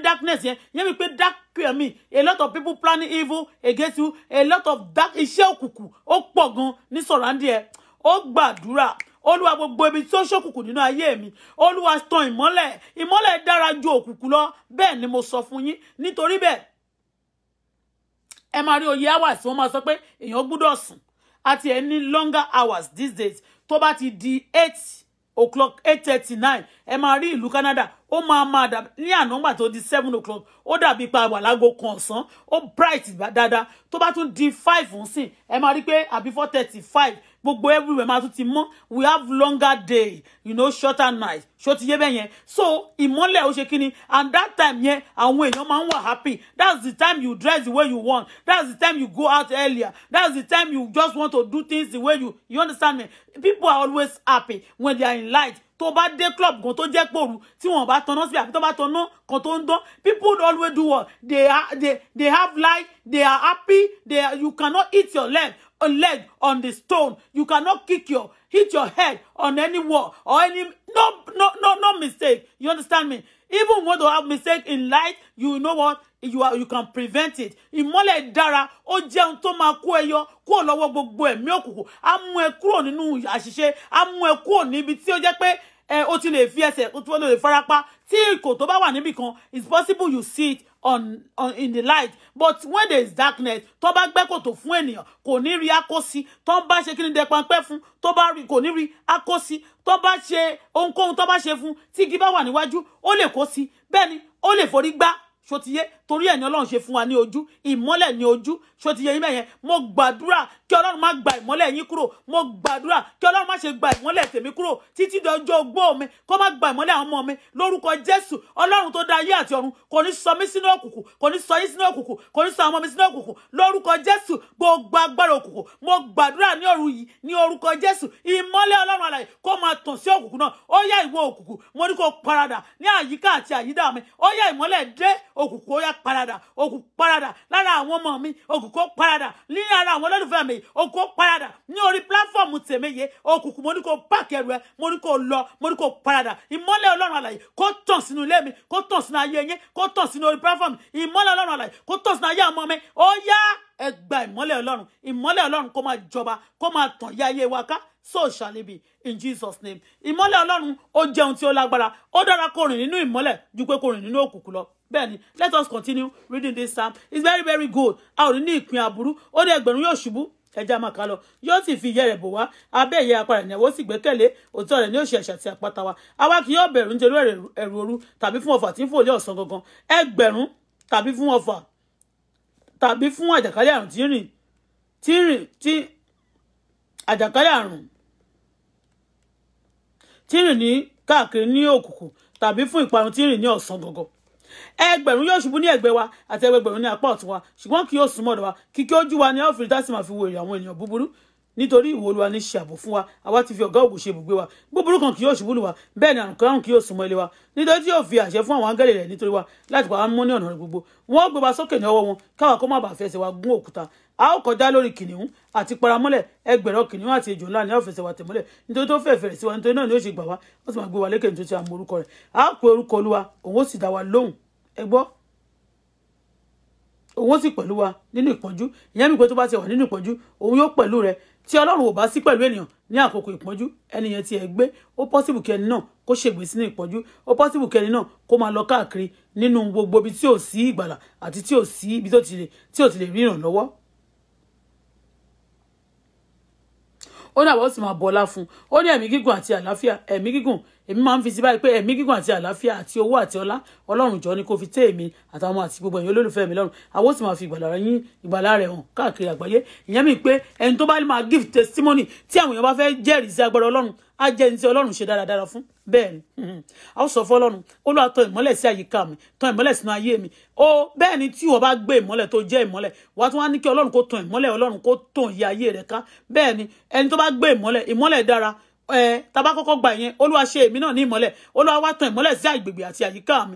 darkness yẹn, yẹn mi pé dark fear me. A lot of people planning evil against you. A lot of dark iṣẹ́ òkùnkùn ó pọ̀ gan ní surround ẹ. Ó gbàdúrà olúwa gbogbo ibi tí ó ṣókùnkùn nínú ayé mi olúwa tan ìmọ́lẹ̀ ìmọ́lẹ̀ dára ju òkùnkùn lọ bẹ́ẹ̀ ni mo sọ fún yín nítorí bẹ́ẹ̀ ẹ máa rí oyè hours wọ́n máa sọ pé èèyàn gbúdọ̀ sùn àti ẹ̀ ní longer hours these days tó bá ti di eight o'clock eight thirty nine ẹ máa rí ìlú Canada ó máa máa dà ní ànágbà tó di seven o'clock ó dàbí pa wà lágo kan ọ̀sán ó bright dáadáa tó bá tún di five ń sìn ẹ máa rí pé àbí four thirty five gbogbo everywhere máa tún ti mọ́ we have longer day you know shorter night ṣó ti yé bẹ́ẹ̀ yẹn so ìmọ́lẹ̀ ó ṣe kí ni and that time yẹn àwọn èèyàn máa ń wà happy that's the time you dress the way you want that's the time you go out earlier that's the time you just want to do things the way you you understand me people are always happy when they are in light tó bá dé club gan tó jẹ́ pòru tí wọ́n bá tanná síbi àbí tó bá tanná kan tó ń dán people always do what they are they they have life they are happy they are, you cannot eat your leg leg on the stone. You cannot kick your hit your head on any wall or any no no no no mistake. You understand me? Even when you have mistake in light, you know what? You are you can prevent it. In dára ó jẹ́ ohun tó máa kó ẹyọ kúrò lọ́wọ́ gbogbo ẹ̀mí òkùnkùn. Á mú ẹ kúrò nínú àṣìṣe, á mú ẹ kúrò níbi tí ó jẹ́ pé ẹ o ti lè fi ẹsẹ̀ o ti lè farapa tí kò tó bá it's possible you see it on, on in the light but when there is darkness tó bá gbẹ́ kòtò fún ènìyàn kò ní rí akósí tó bá ṣe kí ni dẹpọn pẹ́ fún tó bá rí kò ní rí akósí tó bá ṣe ohunkóhun tó bá ṣe fún tí igi bá wà níwájú ó lè kó sí bẹ́ẹ̀ ni ó lè forí gbá ṣòtìyé torí ẹ̀ ni ọlọ́run ṣe fún wa ní ojú ìmọ́lẹ̀ ní ojú ṣó ti yẹ yín mẹ́yẹn mo gbàdúrà kí ọlọ́run má gba ìmọ́lẹ̀ yín kúrò mo gbàdúrà kí ọlọ́run má ṣe gba ìmọ́lẹ̀ tèmi kúrò títí dọjọ́ ogbó mi kó má gba ìmọ́lẹ̀ àwọn ọmọ mi lórúkọ jésù ọlọ́run tó dá ayé àti ọ̀run kò ní sọ mí sínú òkùnkùn kò ní sọ yín sínú òkùnkùn kò ní sọ àwọn ọmọ mi sínú òkùnkùn lórúkọ jésù gbogbo agbára òkùnkùn mo gbàdúrà ní òru yìí ní orúkọ jésù ìmọ́lẹ̀ ọlọ́run alààyè kó máa tàn sí òkùnkùn náà ó yá ìwọ òkùnkùn mo ní kó paradà ní àyíká àti àyídà mi ó yá ìmọ́lẹ̀ dé òkùnkùn ó yá parada ogun parada lára àwọn ọmọ mi ogun kó parada ní ara àwọn olólùfẹ́ mi ogun kó parada ní orí pílàfọ́ọ̀mù tèmeye òkùnkùn mo ní kó páàkì ẹrù ẹ mo ní kó lọ mo ní kó parada ìmọ́lẹ̀ ọlọ́run àlàyé kó tàn sínú ilé mi kó tàn sínú ayé yín kó tàn sínú orí pílàfọ́ọ̀mù ìmọ́lẹ̀ ọlọ́run àlàyé kó tàn sínú ayé àmọ́ mi ó yá ẹ gba ìmọ́lẹ̀ ọlọ́run ìmọ́lẹ̀ ọlọ́run kó máa jọba kó máa tàn yá ayé wa ká so shall it be in Jesus name ìmọ́lẹ̀ ọlọ́run ó jẹun tí ó lágbára ó dára kó rìn nínú ìmọ́lẹ̀ ju pé kó rìn nínú òkùnkùn lọ bẹ́ẹ̀ let us continue reading this psalm it's very very good a ò ní ní ìpín aburú ó ní ẹgbẹ̀rún yóò ṣubú ẹja máa kà lọ yóò sì fi ìyẹ́ rẹ̀ bò wá abẹ́ ìyẹ́ apá rẹ̀ níwó sì gbẹ́kẹ̀lé òtítọ́ rẹ̀ ní òṣì ẹ̀ṣẹ̀ àti àpáta wa àwa kì yóò bẹ̀rù nítorí ẹ̀rù òru tàbí fún ọfà tí ń fòlé ọ̀sán gangan ẹgbẹ̀rún tàbí fún ọfà tàbí fún àjàkálẹ̀ àrùn tí rìn tí rìn tí àjàkálẹ̀ àrùn tí rìn ní káàkiri ní òkùnkùn tàbí fún ìparun tí rìn ní ọ̀sán gangan ẹgbẹ̀rún yóò ṣubú ní ẹ̀gbẹ́ wa àti ẹgbẹ̀rún ní apá ọ̀tún wa ṣùgbọ́n kì yóò súnmọ́ ọ̀dọ̀ wa kìkì ojú wa ni a ó fi rí tásìmọ̀ fi wo àwọn ènìyàn búburú nítorí ìwọ olúwa ní ṣe ààbò fún wa àwa ti fi ọ̀gá ògùn ṣe ibùgbé wa búburú kan kì yóò ṣubú lù wá bẹ́ẹ̀ ni àrùn kan kì yóò súnmọ́ ilé wa nítorí tí yóò fi àṣẹ fún àwọn áńgẹ́lì rẹ̀ nítorí wa láti pa wá mú ní ọ̀nà gbogbo wọn ó gbé wa sókè ní ọwọ́ wọn káwa kó má bàa fẹsẹ̀ wa gún òkúta a ó kọjá lórí kìnìún àti paramọ́lẹ̀ ẹgbẹ̀rọ kìnìún àti ejò ńlá ni a ó fẹsẹ̀ wa tẹ̀mọ́lẹ̀ nítorí tó fẹ́ fẹ̀rẹ̀ sí wa nítorí náà ni ó ṣe gbà wá ó sì máa gbé wa lékè nítorí tí a mọ orúkọ rẹ̀ a ó pe orúkọ olúwa òun ó sì dá wa lóhùn ẹ gbọ́ òun ó sì pẹ̀lú wa nínú ìpọ́njú ìyẹn mi pé tó bá ti wà nínú ìpọ́njú òun yóò pẹ̀lú rẹ tí ọlọ́run ò bá sí pẹ̀lú ènìyàn ní àkókò ìpọ́njú ẹnìyẹn ti ẹ̀ gbé ó pọ́sibù kẹni náà kó ṣègbè sínú ìpọ́njú ó pọ́sibù kẹni náà kó máa lọ káàkiri nínú gbogbo ibi tí ò sí ìgbàlà àti tí ò sí ibi ti tí ò ti lè rí ìrànlọ́wọ́. ó ní àwọn sì máa bọ́lá fún un ó ní ẹ̀mí gígùn àti àlàáfíà ẹ̀mí gígùn èmi máa ń fi sí báyìí pé ẹ̀mí gígùn àti àlàáfíà àti owó àti ọlá ọlọ́run jọ ni kò fi tẹ́ èmi àtàwọn ọmọ àti gbogbo ẹ̀yin olólùfẹ́ mi lọ́run àwọn sì máa fi ìgbàlà yín ìgbàlà rẹ̀ hàn káàkiri àgbáyé ìyẹn mi pé ẹni tó bá máa give testimony tí àwọn èèyàn bá fẹ́ jẹ́rìí sí agbára ọlọ́run á jẹ́ ẹni tí ọlọ́run ṣe dáradára fún bẹ́ẹ̀ ni a ó sọ fún ọlọ́run olúwa tan ìmọ́lẹ̀ sí àyíká mi tan ìmọ́lẹ̀ sínú ayé mi o bẹ́ẹ̀ ni tí wọ́n bá gbé ìmọ́lẹ̀ tó jẹ́ ìmọ́lẹ̀ wà á tún wá ní kí ọlọ́run kó tan ìmọ́lẹ̀ ọlọ́run kó tan ìyá ayé rẹ̀ ká bẹ́ẹ̀ ni ẹni tó bá gbé ìmọ́lẹ̀ ìmọ́lẹ̀ dára ẹ eh, tá bá kọ́kọ́ gbà yẹn olúwa ṣe èmi náà ní ìmọ́lẹ̀ olúwa wá tan ìmọ́lẹ̀ sí àgbègbè àti àyíká mi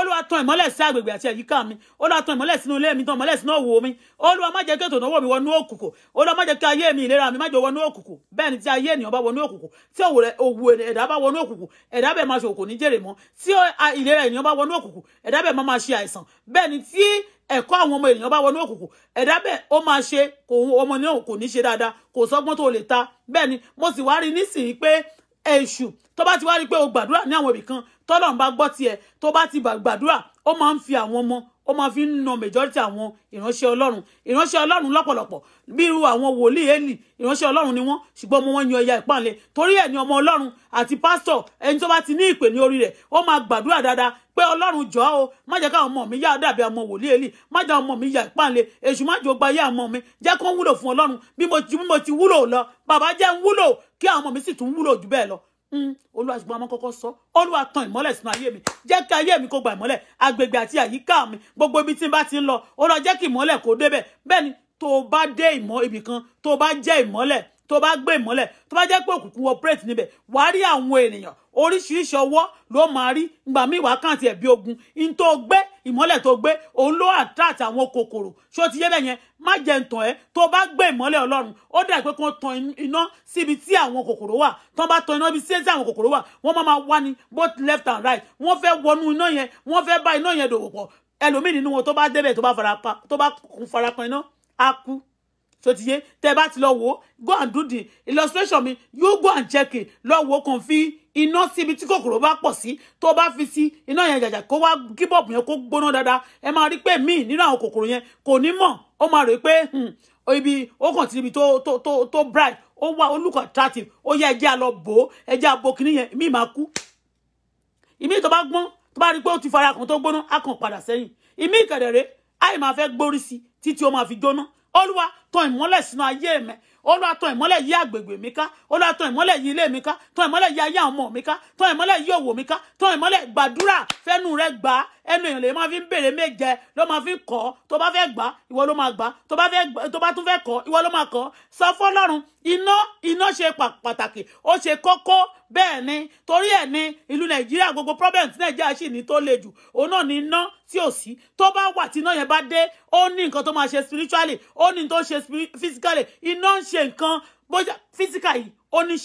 olúwa tan ìmọ́lẹ̀ sí agbègbè àti àyíká mi olúwa tan ìmọ́lẹ̀ sínú ilé mi tan ìmọ́lẹ̀ sínú òwò mi olúwa má jẹ́ kí ètò ìnáwó mi wọnú òkùnkùn olúwa má jẹ́ kí ayé mi ìlera mi má jẹ́ wọnú òkùnkùn bẹ́ẹ̀ ni tí ayé ènìyàn bá wọnú òkùnkùn tí òwò ẹ̀dá bá wọnú òkùnkùn ẹ̀dá bẹ́ẹ̀ máa ṣe òkò ní jèrè mọ́ tí ìlera ènìyàn bá wọnú òkùnkùn ẹ̀dá bẹ́ẹ̀ máa ṣe àìsàn bẹ́ẹ̀ ni tí ẹ̀kọ́ àwọn ọmọ ènìyàn bá wọnú òkùnkùn ẹ̀dá bẹ́ẹ̀ ó máa ṣe kò ọmọ náà kò ní ṣe dáadáa kò sọ́gbọ́n tó lè ta bẹ́ẹ̀ ni mo sì wá rí nísìnyí pé èṣù tó bá ti wá rí pé o gbàdúrà ní àwọn ibì kan tọ́lọ́run bá gbọ́ tiẹ̀ tó bá ti gbàdúrà ó máa ń fi àwọn ọmọ ó máa fi ń na majority àwọn ìránṣẹ́ ọlọ́run ìránṣẹ́ ọlọ́run lọ́pọ̀lọpọ̀ bí irú àwọn wòlíì Élì ìránṣẹ́ ọlọ́run ni wọ́n ṣùgbọ́n ọmọ wọn yan ẹ̀yà ìpànlẹ̀ torí ẹ̀ ni ọmọ ọlọ́run àti pásítọ̀ ẹni tó bá ti ní ìpè ní orí rẹ̀ ó máa gbàdúrà dáadáa pé ọlọ́run jọ o má jẹ́ káwọn ọmọ mi yá dàbí àwọn wòlíì Élì má jẹ́ ọmọ mi yà ìpànlẹ̀ èṣù má jò gba ayé àwọn ọmọ mi jẹ́ kó wúlò fún ọlọ́run bí mo ti wúlò lọ bàbá jẹ́ ń wúlò kí àwọn ọmọ mi sì tún wúlò jù bẹ́ẹ̀ lọ Hmm, olúwa ṣùgbọ́n àwọn kọ́kọ́ sọ olúwa tan ìmọ́lẹ̀ sínú ayé mi jẹ́ kí ayé mi kó gba ìmọ́lẹ̀ agbègbè àti àyíká mi gbogbo ibi tí n bá ti ń lọ olúwa jẹ́ kí ìmọ́lẹ̀ kó débẹ̀ bẹ́ẹ̀ ni tó o bá dé ìmọ̀ ibì tó o bá jẹ́ ìmọ́lẹ̀ tó bá gbé ìmọ́lẹ̀ tó bá jẹ́ pé òkùnkùn operate níbẹ̀ wà á rí àwọn ènìyàn oríṣiríṣi ọwọ́ ló máa rí ìgbà míì wà kàn tiẹ̀ bí ogun in tó gbé ìmọ́lẹ̀ tó gbé òun ló attract àwọn kòkòrò ṣó ti yé bẹ́yẹn má jẹ́ ntàn ẹ́ tó bá gbé ìmọ́lẹ̀ ọlọ́run ó dà pé kó tan iná síbi tí àwọn kòkòrò wà tó bá tan iná bí sí tí àwọn kòkòrò wà wọ́n máa wá ní both left and right wọ́n fẹ́ wọnú iná yẹn wọ́n fẹ́ bá iná yẹn dòwò pọ̀ ẹlòmíì nínú wọn tó bá débẹ̀ tó bá fara tó bá fara kan iná á kú so ti yé tẹ́ bá ti lọ wò go and do the illustration mi you go and check it lọ wò kàn fi iná síbi tí kòkòrò bá pọ̀ sí tó bá fi sí iná yẹn jàjà kó wá gíbọ̀bù yẹn kó gbóná dáadáa ẹ máa rí pé míì nínú àwọn kòkòrò yẹn kò ní mọ̀ ó máa rò pé hmm, ibi ó kàn ti ibi to to to tó bright ó wá ó look attractive ó yẹ ẹjẹ́ àlọ́ bò ó ẹjẹ́ àbò kìíní yẹn míì máa kú ìmíì tó bá gbọ́n tó bá rí pé ó ti fara kan tó gbóná á kàn padà sẹ́yìn ìmíì kẹ̀dẹ̀rẹ́ àì máa fẹ́ gbórí sí títí ó máa fi jóná olúwa tan ìmọ́lẹ̀ sínú ayé mi olúwa tan ìmọ́lẹ̀ yí àgbègbè mi ká olúwa tan ìmọ́lẹ̀ yí ilé mi ká tan ìmọ́lẹ̀ yí ayé àwọn ọmọ mi ká tan ìmọ́lẹ̀ yí òwò mi ká tan ìmọ́lẹ̀ gbàdúrà fẹ́nu rẹ gbà á ẹnu èèyàn lè máa fi ń béèrè méje ló máa fi ń kọ́ tó bá fẹ́ gbà ìwọ ló máa gbà tó bá tún fẹ́ kọ́ ìwọ ló máa kọ́ sọ fọlọ́run iná iná ṣe pàtàkì ó ṣe kókó bẹ́ẹ̀ ni torí ẹ̀ ní ìlú nàìjíríà gbogbo problem tí nàìjíríà sì ní tó le jù òun náà ní iná tí ò sí tó bá wà tí iná yẹn bá dé ó ní nǹkan tó máa ṣe spiritually ó ní tó ṣe physically iná ń ṣe nǹkan bóyá physical yìí ó ní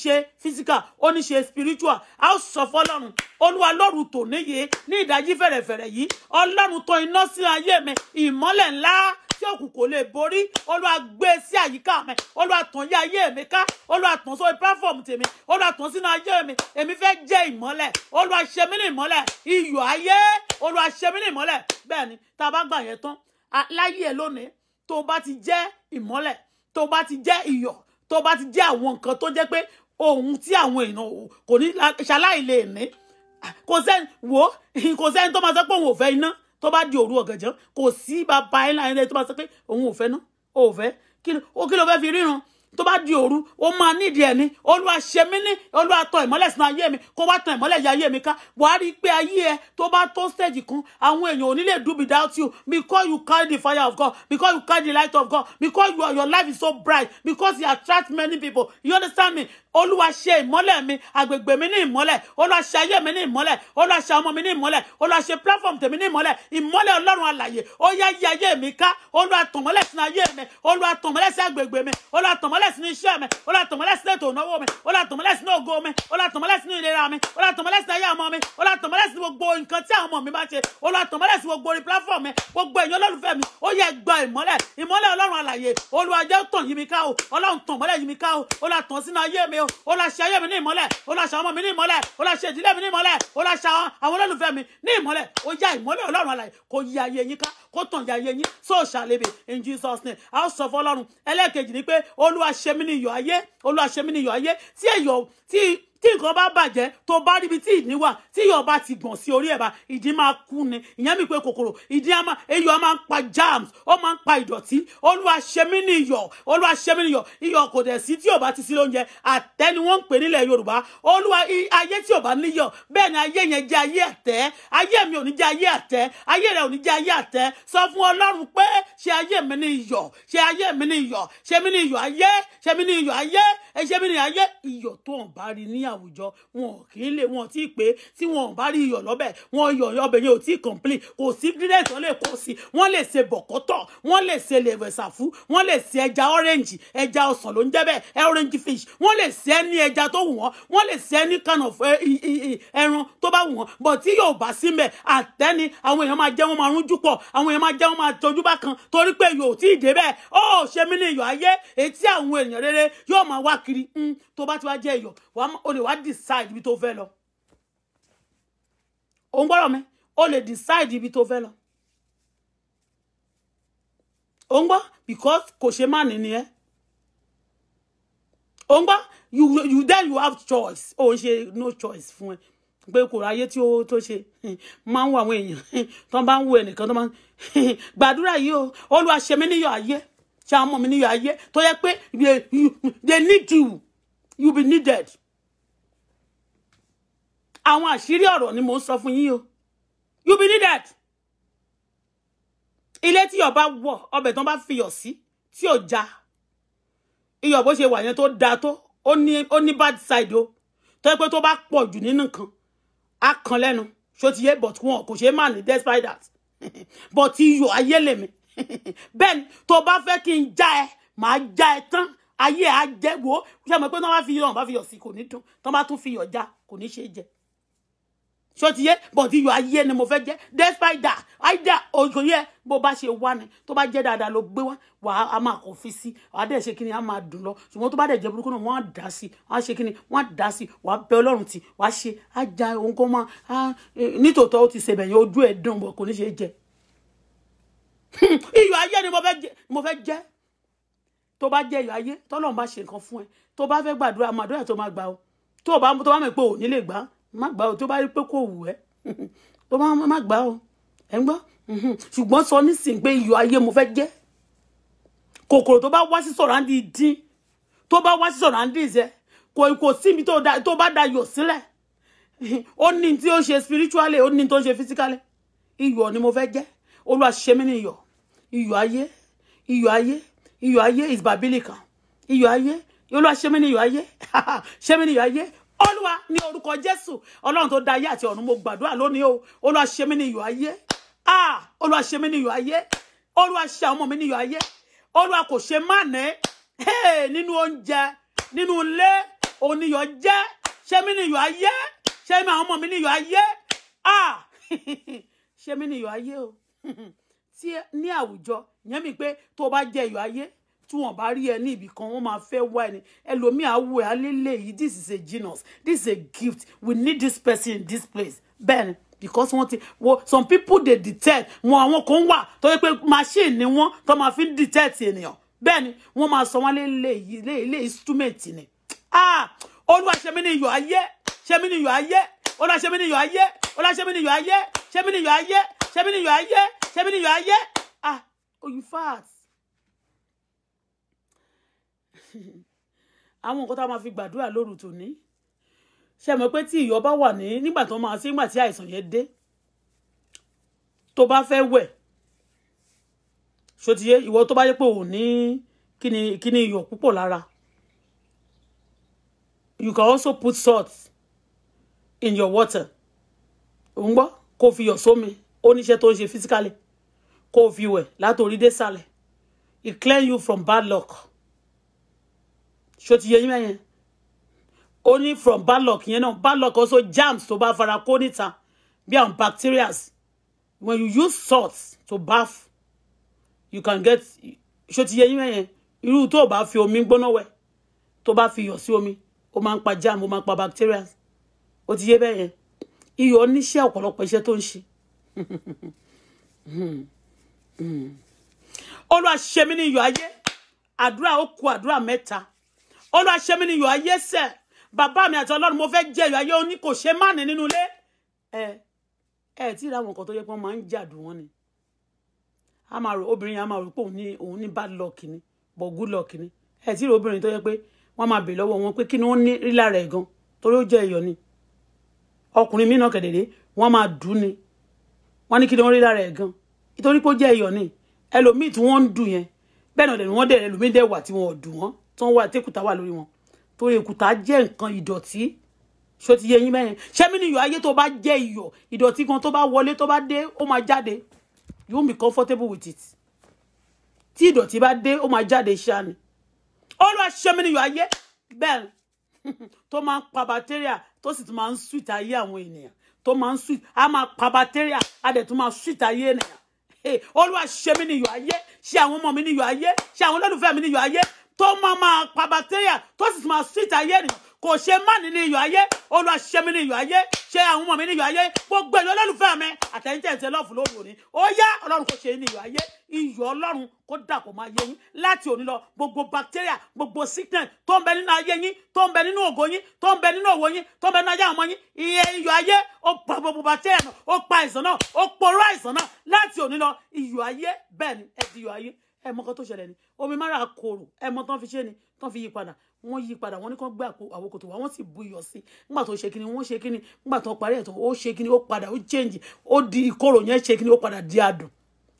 physical ó ní ṣe spiritual a ó sọ fọlọ́run olúwa lóru tò níye ní ìdájí fẹ̀rẹ̀fẹ̀rẹ̀ yìí ọlọ́run tan iná sí ayé mi ìmọ́lẹ̀ ńlá tí òkùnkùn kò lè borí olúwa gbé e sí àyíká mi olúwa tàn yé ayé mi ká olúwa tàn sórí platform tèmi olúwa tàn sínú ayé mi èmi fẹ́ jẹ́ ìmọ́lẹ̀ je ṣe mí ní ìmọ́lẹ̀ iyọ̀ ayé olúwa ṣe mí ní ìmọ́lẹ̀ bẹ́ẹ̀ ni tá a bá gbà yẹn tán láyé ẹ lónìí tó o bá ti je ìmọ́lẹ̀ tó bá ti jẹ́ iyọ̀ tó bá ti jẹ́ àwọn nǹkan tó jẹ́ pé ohun tí àwọn èèyàn kò ní ṣaláì lè ní kò sẹ́ni wò kò sẹ́ni tó máa sọ pé òun ò fẹ́ iná tó bá di òru ọ̀gànjọ́ kò sí bàbá ẹ̀ láyé tó máa sọ pé òun ò fẹ́ ná ò fẹ́ kí ló fẹ́ fi ríran tó bá di òru ó máa nídìí ẹ̀ ní olúwa ṣe mí ní olúwa tọ ìmọ́lẹ̀ sínú ayé mi kó wá tan ìmọ́lẹ̀ yà ayé mi ká wàá rí i pé ayé ẹ tó bá tó stage kan àwọn èèyàn ò ní lè do without you because you carry the fire of God because you carry the light of God because your life is so bright because you attract many people you understand me olúwa ṣe ìmọ́lẹ̀ mi agbègbè mi ní ìmọ́lẹ̀ olúwa ṣe ayé mi ní ìmọ́lẹ̀ olúwa ṣe ọmọ mi ní ìmọ́lẹ̀ olúwa ṣe platform tèmi ní ìmọ́lẹ̀ ìmọ́lẹ̀ ọlọ́run alàyè ó yá yí ayé mi ká olúwa tọ̀mọ́lẹ̀ sínú ayé mi olúwa tọ̀mọ́lẹ̀ sí agbègbè mi olúwa tọ̀mọ́lẹ̀ sínú iṣẹ́ mi olúwa tọ̀mọ́lẹ̀ sínú ètò ìnáwó mi olúwa tọ̀mọ́lẹ̀ sínú ògo mi olúwa tọ̀mọ́lẹ̀ sínú ìlera mi olúwa tọ̀mọ́lẹ̀ sínú ayé ọmọ mi gbogbo nǹkan tí àwọn ọmọ mi bá ṣe olùwàtàn mọ́lẹ̀ sí gbogbo orí platform mi gbogbo ẹ̀yin olólùfẹ́ mi ó yẹ gba ìmọ́lẹ̀ ìmọ́lẹ̀ ọlọ́run àlàyé olùwàjẹ́ tàn yí mi ká o ọlọ́run tàn mọ́lẹ̀ yí mi ká o olùwàtàn sínú ayé mi o olùwàṣẹ ayé mi ní ìmọ́lẹ̀ olùwàṣẹ ọmọ mi ní ìmọ́lẹ̀ olùwàṣẹ ìdílé mi ní ìmọ́lẹ̀ olùwàṣẹ àwọn olólùfẹ́ mi ní ìmọ́lẹ̀ ó yá ìmọ́lẹ̀ ọlọ́run àlàyé kó yí ayé yín ká kó tàn yí ayé yín so shall it be in Jesus name a ó sọ fọlọ́run ẹlẹ́ẹ̀kejì ni pé olúwa ṣe mí ní iyọ̀ ayé olúwa ṣe mí ní iyọ̀ ayé tí èyọ̀ tí tí nǹkan bá bàjẹ́ tó bá ríbi tí ìdí wà tí yóò bá ti gbọ̀n sí orí ẹ̀ bá ìdí máa kú ni ìyẹn mi pé kòkòrò ìdí eyọ̀ máa ń pa germs ó máa ń pa ìdọ̀tí olúwa ṣe mí ní iyọ̀ olúwa ṣe mí ní iyọ̀ iyọ̀ kò dẹ̀ sí tí yóò bá ti sí lóúnjẹ àtẹ́ ni wọ́n ń pè nílẹ̀ yorùbá olúwa ayé tí yóò bá níyọ̀ bẹ́ẹ̀ ni ayé yẹn jẹ́ ayé àtẹ́ ayé mi ò ní jẹ́ ayé àtẹ́ ayé rẹ̀ ò ní jẹ́ ayé àtẹ́ sọ fún ọlọ́run pé ṣe ayé mi ní iyọ̀ ṣe ayé mi ní iyọ̀ ṣe mí ní iyọ̀ ayé ṣe mí ní iyọ̀ ayé ṣe mí ní ayé iyọ̀ tó ń bá rí ní àwùjọ wọn kì í lè wọn tí ì pé tí wọn bá rí iyọ̀ lọ́bẹ̀ wọn yọ̀ ọbẹ̀ yẹn ò tí ì complete kò sí dídẹ̀ tó lè kó sí wọ́n lè ṣe bọ̀kọ́tọ̀ wọ́n lè ṣe lẹ̀wẹ̀sàfú wọ́n lè ṣe ẹja orange ẹja ọsàn ló ń jẹ́ bẹ́ẹ̀ orange fish wọ́n lè ṣe ní ẹja tó wù wọ́n wọ́n lè ṣe ní kind of eh, ẹran tó bá wù wọ́n bọ̀ tí yóò bá sí mẹ́ àtẹ́ni àwọn èèyàn máa jẹ́ wọn máa rújú pọ̀ àwọn èèyàn máa jẹ́ wọn máa tọ́jú bákan torí pé yóò tí ì dé bẹ́ẹ̀ ó ṣe mí ní iyọ̀ ayé èyí tí àwọn lè wá decide ibi tó fẹ́ lọ òun gbọ́dọ̀ mi o lè decide ibi tó fẹ́ lọ òun gbọ́ because kò ṣe má nìyí ẹ òun gbọ́ you you then you have choice òun ṣe no choice fún ẹ pé kò ráyé tí ó tó ṣe máa ń wo àwọn èèyàn tó bá ń wo ẹnìkan tó máa ń gbàdúrà yìí o Olúwa ṣe mí níyọ̀ ayé ṣe àwọn ọmọ mi níyọ̀ ayé tó yẹ pé they need you you be needed àwọn àṣírí ọ̀rọ̀ ni mò ń sọ fún yín o you be needed ilé tí ọba wọ ọbẹ̀ tán bá fi yọ̀ sí tí ò já iyọ̀ bó ṣe wà yẹn tó da tó ó ní ó ní bad side o tó yẹ pé tó bá pọ̀ jù nínú nǹkan á kan lẹ́nu ṣó ti yé but wọn kò ṣe é mà ní despite that but iyọ̀ ayé lèmi bẹ́ẹ̀ ni tó bá fẹ́ kí n já ẹ màá já ẹ tán ayé àjẹwò ṣé mo pé tí wọ́n bá fi yọ̀ bá fi yọ̀ sí kò ní dùn tí bá tún fi yọ̀ já kò ní ṣe é jẹ. So ti yẹ but iyọ̀ ayé ni mo fẹ́ jẹ́ despite that either oṣù yẹ bó bá ṣe wá ni to bá jẹ́ dáadáa ló gbé wá wà á máa kàn fi sí wà á dẹ̀ ṣe kíni á máa dùn lọ ṣùgbọ́n tó bá dẹ̀ jẹ́ burúkú náà wọ́n á dà sí wọ́n á ṣe kíni wọ́n á dà sí wà á bẹ ọlọ́run tì wà á ṣe á ja ohun kan máa á e, nítòótọ́ ó ti ṣẹbẹ̀ yẹn ojú ẹ̀ dùn bọ̀ kò ní ṣe jẹ iyọ̀ ayé ni mo fẹ́ jẹ́ tó bá jẹ́ iyọ̀ ayé tọ́lọ́run bá ṣe nǹkan fún ẹ tó bá fẹ́ gbàdúrà màdúrà tó máa gbà ó tó bá mọ̀ pé òní lè gbà má gbà ó tó bá rí pé kò wù ẹ́ ó má gbà ó ẹ̀ ń gbọ́ mhm. ṣùgbọ́n sọ nísìnyí pé iyọ̀ ayé mo fẹ́ jẹ́ kòkòrò tó bá wá sí sọ̀ráǹdì dín tó bá wá sí sọ̀ráǹdì ṣe kò kò síbi tó bá da yọ̀ sílẹ̀ ó ní tí ó ṣe spiritually ó ní tó ń ṣe physically iyọ̀ ni mo fẹ́ jẹ́ olúwa ṣe mí ní iyọ̀ iyọ̀ ayé iyọ̀ ayé iyọ̀ ayé is babilikan iyọ̀ ayé olúwa ṣe mí ní ayé ṣe mí ní ayé olúwa ní orúkọ jésù ọlọ́run tó dá ayé àti ọ̀run mo gbàdúrà lónìí o olúwa ṣe mí ní iyọ̀ ayé ah olúwa ṣe mí ní iyọ̀ ayé olúwa ṣe àwọn ọmọ mi ní iyọ̀ ayé olúwa kò ṣe má ní nínú oúnjẹ nínú ilé òun ní iyọ̀ jẹ́ ṣe mí ní iyọ̀ ayé ṣe mí àwọn ọmọ mi ní iyọ̀ ayé ah ṣe mí ní iyọ̀ ayé o tí ní àwùjọ yẹn mi pé tó bá jẹ iyọ̀ ayé tí wọ́n bá rí ẹ ní ibì kan wọ́n máa fẹ́ wá ẹni ẹlòmíì awo ẹ alélè yìí this is a genius this is a gift we need this person in this place Ben, because wọ́n ti wo some people dey detect wọn àwọn kan wà tó yẹ pé machine ni wọ́n tó máa fi detect ènìyàn bẹ́ẹ̀ ni wọ́n máa sọ wọ́n lélè yìí instrument ni ah olúwa ṣe mí ní iyọ̀ ayé ṣe mí ní iyọ̀ ayé olúwa ṣe mí ní iyọ̀ ayé olúwa ṣe mí ní iyọ̀ ayé ṣe mí ní iyọ̀ ayé ṣe mí ní iyọ̀ ayé ṣe mí ní iyọ̀ ayé ah oh, you fast. àwọn nǹkan tá a máa fi gbàdúrà lóru tòní ṣe mọ̀ pé tí ìyọ́ bá wà ní nígbà tó máa sí nígbà tí àìsàn yẹn dé tó bá fẹ́ wẹ̀ ṣòtìyé ìwọ tó bá yẹ pé ò ní kíni kíni púpọ̀ lára you can also put salt in your water ò ń gbọ́ kó fi iyọ̀ sómi ó tó ń ṣe physically kó fi wẹ̀ látòrí dé sàlẹ̀ it clear you from bad luck ṣó ti yẹ yín mẹ́yẹn ó ní from ballock yẹn náà ballock also germs tó bá fara kó níta bí àwọn bacterias when you use salt to baff you can get ṣó ti yẹ yín mẹ́yẹn irú tó o bá fi omi gbóná wẹ̀ tó bá fi iyọ̀ sí omi ó máa ń pa germ ó máa ń pa bacterias ó ti yé bẹ́ẹ̀ yẹn iyọ̀ níṣẹ́ ọ̀pọ̀lọpọ̀ iṣẹ́ tó ń ṣe hmm. Hmm. olúwa ṣe mí ní iyọ̀ ayé àdúrà ó ku àdúrà mẹ́ta olúwa ṣe mí ni yọ ayé sẹ̀ bàbá mi àti ọlọ́run mo fẹ́ jẹ́ yọ ayé oní kò ṣe má ní nínú ilé ẹ ẹ tí ìlà àwọn nǹkan tó yẹ pé wọ́n máa ń jàdù wọn ni a máa rò obìnrin yẹn a máa rò pé òun ní òun ní bad luck ni but good luck ni ẹ tí ìlà obìnrin tó yẹ pé wọ́n máa bè lọ́wọ́ wọn pé kí ni wọ́n ní rí lára ẹ̀ gan torí ó jẹ́ ẹ̀yọ́ ni ọkùnrin mí náà kẹ̀dẹ̀dẹ̀ wọ́n máa dùn ni wọ́n ní kí ni wọ́n rí lára ẹ̀ gan nítorí pé ó jẹ́ ẹ̀yọ́ ni ẹlòmíì tí wọ́n ń dùn yẹn bẹ́ẹ̀ náà dẹ̀ ni wọ́n ẹlòmíì dẹ̀ wà tí wọ́n ò dùn wọ́n tó ń wà tẹ́kùtà wà lórí wọn torí èkùtà jẹ́ nǹkan ìdọ̀tí ṣó ti yẹ yín mẹ́rin ṣẹ́mi ni ayé tó bá jẹ́ iyọ̀ ìdọ̀tí kan tó bá wọlé tó bá dé ó máa jáde you won't be comfortable with it tí ìdọ̀tí bá dé ó máa jáde ṣáni olúwa ṣẹ́mi ni iyọ̀ ayé bẹ́ẹ̀ tó máa ń pa bacteria tó sì tún máa ń sweet ayé àwọn ènìyàn tó máa ń sweet a máa pa bacteria a dẹ̀ tún máa sweet ayé ènìyàn olúwa ṣẹ́mi ni iyọ̀ ayé ṣe àwọn ọmọ mi ni iyọ̀ ayé ṣe àwọn olólùfẹ́ mi ni iyọ̀ ayé tó máa máa pa bacteria tó sì máa sweet ayé nìyẹn kò ṣe má ní ní iyọ̀ ayé olúwa ṣe mí ní iyọ̀ ayé ṣe àwọn ọmọ mi ní iyọ̀ ayé gbogbo èlò olólùfẹ́ mi àtẹ̀yìntẹ̀yìntẹ̀ lọ́ọ̀fù lóru òní ó yá ọlọ́run kò ṣe ní iyọ̀ ayé iyọ̀ ọlọ́run kó dàpọ̀ máa yé yín láti òní lọ gbogbo bacteria gbogbo sickness tó ń bẹ nínú ayé yín tó ń bẹ nínú ògo yín tó ń bẹ nínú òwò yín tó ń bẹ nínú ayé àwọn ọmọ yín iye iyọ̀ ayé ó pa gbogbo bacteria náà ó pa àìsàn náà ó poró àìsàn náà láti òní lọ iyọ̀ ayé bẹ́ẹ̀ ni ẹ di iyọ̀ ayé ẹ mọ kan tó ṣẹlẹ̀ ni omi mara kòrò ẹ mọ tán fi ṣe ni tán fi yí padà wọ́n yí padà wọ́n ní kán gbé àpò àwòkòtò wa wọ́n sì bu iyọ̀ sí nígbà tó ṣe kíni wọ́n ṣe kíni nígbà tó parí ẹ̀ tó ó ṣe kíni ó padà ó change ó di ìkorò yẹn ṣe kíni ó padà di adùn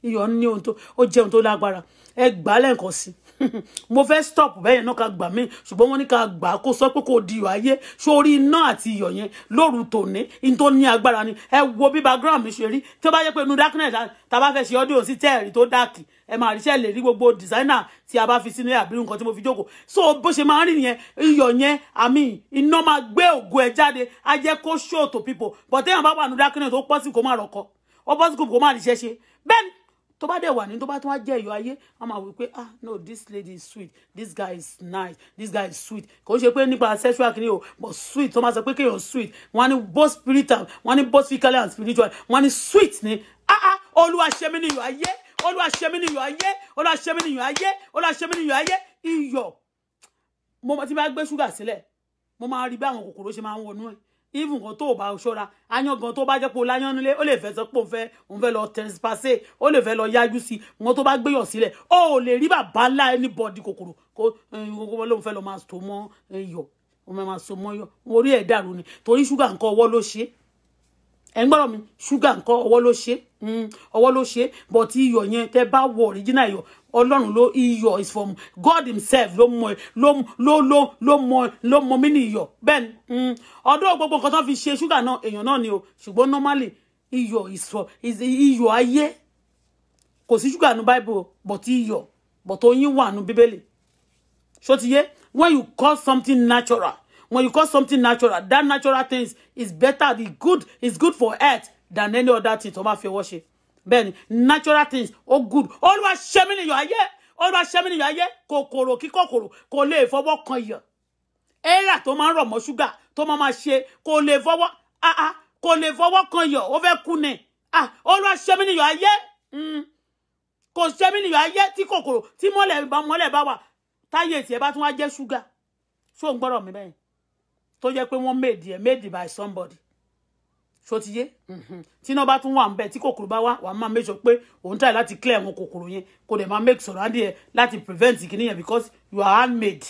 iyọ̀ ní ohun tó ó jẹ́ ohun tó lágbára ẹ gbà á lẹ́ǹkan sí mo fẹ́ stop bẹ́yẹn náà ká gbà mí ṣùgbọ́n wọ́n ní ká gbà á kó sọ pé kò di iyọ̀ ayé sórí iná àti iyọ̀ yẹn lóru tòní in tó ní agbára ni ẹ wo bí background mi ṣe rí tí ó bá yẹ pé inú darkness tá a bá fẹ́ ṣe ọdún òsì tẹ́ẹ̀rì tó dáàkì ẹ máa ríṣẹ́ lè rí gbogbo designer tí a bá fi sínú àbí nǹkan tí mo fi jókòó so bó ṣe máa ń rìn yẹn iyọ̀ yẹn àmì iná máa gbé ògo ẹ̀ jáde á jẹ́ show to people but téèyàn bá wà ní dákínà tó pọ́ sí kó má rọkọ ó pọ́ sí kó má ríṣẹ́ ṣe bẹ́ẹ̀ Ben. To bá dẹ̀ wà ní tó bá tún wá jẹ́ ìyọ̀ ayé wọ́n máa wí pé ah no this lady is sweet this guy is nice this guy is sweet kò ṣe pé nípa sexual kìíní o but sweet wọ́n máa sọ pé kéèyàn sweet wọ́n á both spiritual wọ́n á both physical and spiritual wọ́n á sweet ni ah ah olúwa ṣe mí ní ìyọ̀ ayé olúwa ṣe mí níyọ̀ ayé olúwa ṣe mí níyọ̀ ayé olúwa ṣe mí níyọ̀ ayé iyọ. mo ti bá gbé ṣúgà sílẹ̀ mo máa rí bí àwọn kòkòrò ṣe máa ń wọnú ẹ̀ even kan tó o bá ṣọ́ra ayan gan tó bá jẹ́ pé o láyán nílé ó lè fẹ́ sọ pé òun fẹ́ òun fẹ́ lọ tẹ̀sípàṣẹ ó lè fẹ́ lọ yájú sí i wọn tó bá gbéyàn sílẹ̀ ó ò lè rí bàbá ńlá anybody kòkòrò kó gbogbo eh, lóun fẹ́ lọ máa so mọ́ iyọ̀ òun máa so mọ́ iyọ̀ orí ẹ̀ dàrú ni torí ṣúgà nǹkan ọwọ́ ló ṣe é ẹ̀ ń gbọ́dọ̀ mi ṣúgà nǹkan ọwọ́ ló ṣe hmm, ọwọ́ ló ṣe but iyọ̀ yẹn tẹ́ bá wọ original iyọ̀ ọlọ́run ló iyọ̀ is from God himself ló mọ ló ló ló ló mọ ló mọ mí ní iyọ̀ bẹ́ẹ̀ ni ọdún gbogbo nǹkan tó fi ṣe ṣúgà náà èèyàn náà ni o ṣùgbọ́n normally iyọ̀ is from is iyọ̀ ayé kò sí ṣúgà nu bible but iyọ̀ but oyin wà nu bíbélì ṣó ti yé when you call something natural When you call something natural, that natural things is better, The good, is good for health than any other thing tó máa fi ọwọ́ ṣe. natural things, ó good. Olúwa ṣe mí níyọ̀ ayé, Olúwa ṣe mí níyọ̀ ayé, kòkòrò kí kòkòrò kò lè fọwọ́ kan iyọ̀. Ẹ́rà tó máa ń rọ̀ mọ́ ṣúgà tó ah ah kò lè fọwọ́ Over iyọ̀ ó fẹ́ kú ni. Ah, Olúwa ṣe mí níyọ̀ ayé. Mm kò ṣe mí nìyọ ayé tí kòkòrò tí mọ́lẹ̀ bá mọ́lẹ̀ bá wà táyé tiẹ̀ bá tún wá jẹ́ ṣúgà mi bẹ́yìn tó jẹ́ pé wọ́n made ẹ̀ made by somebody sotiye mm-hmm. tíná bá tún wà ń bẹ tí kòkòrò bá wá wàá máa make sure pé òun tàyè láti clear àwọn kòkòrò yẹn kò dẹ̀ máa make sure adìẹ láti prevent kìnìyàn because you are handmade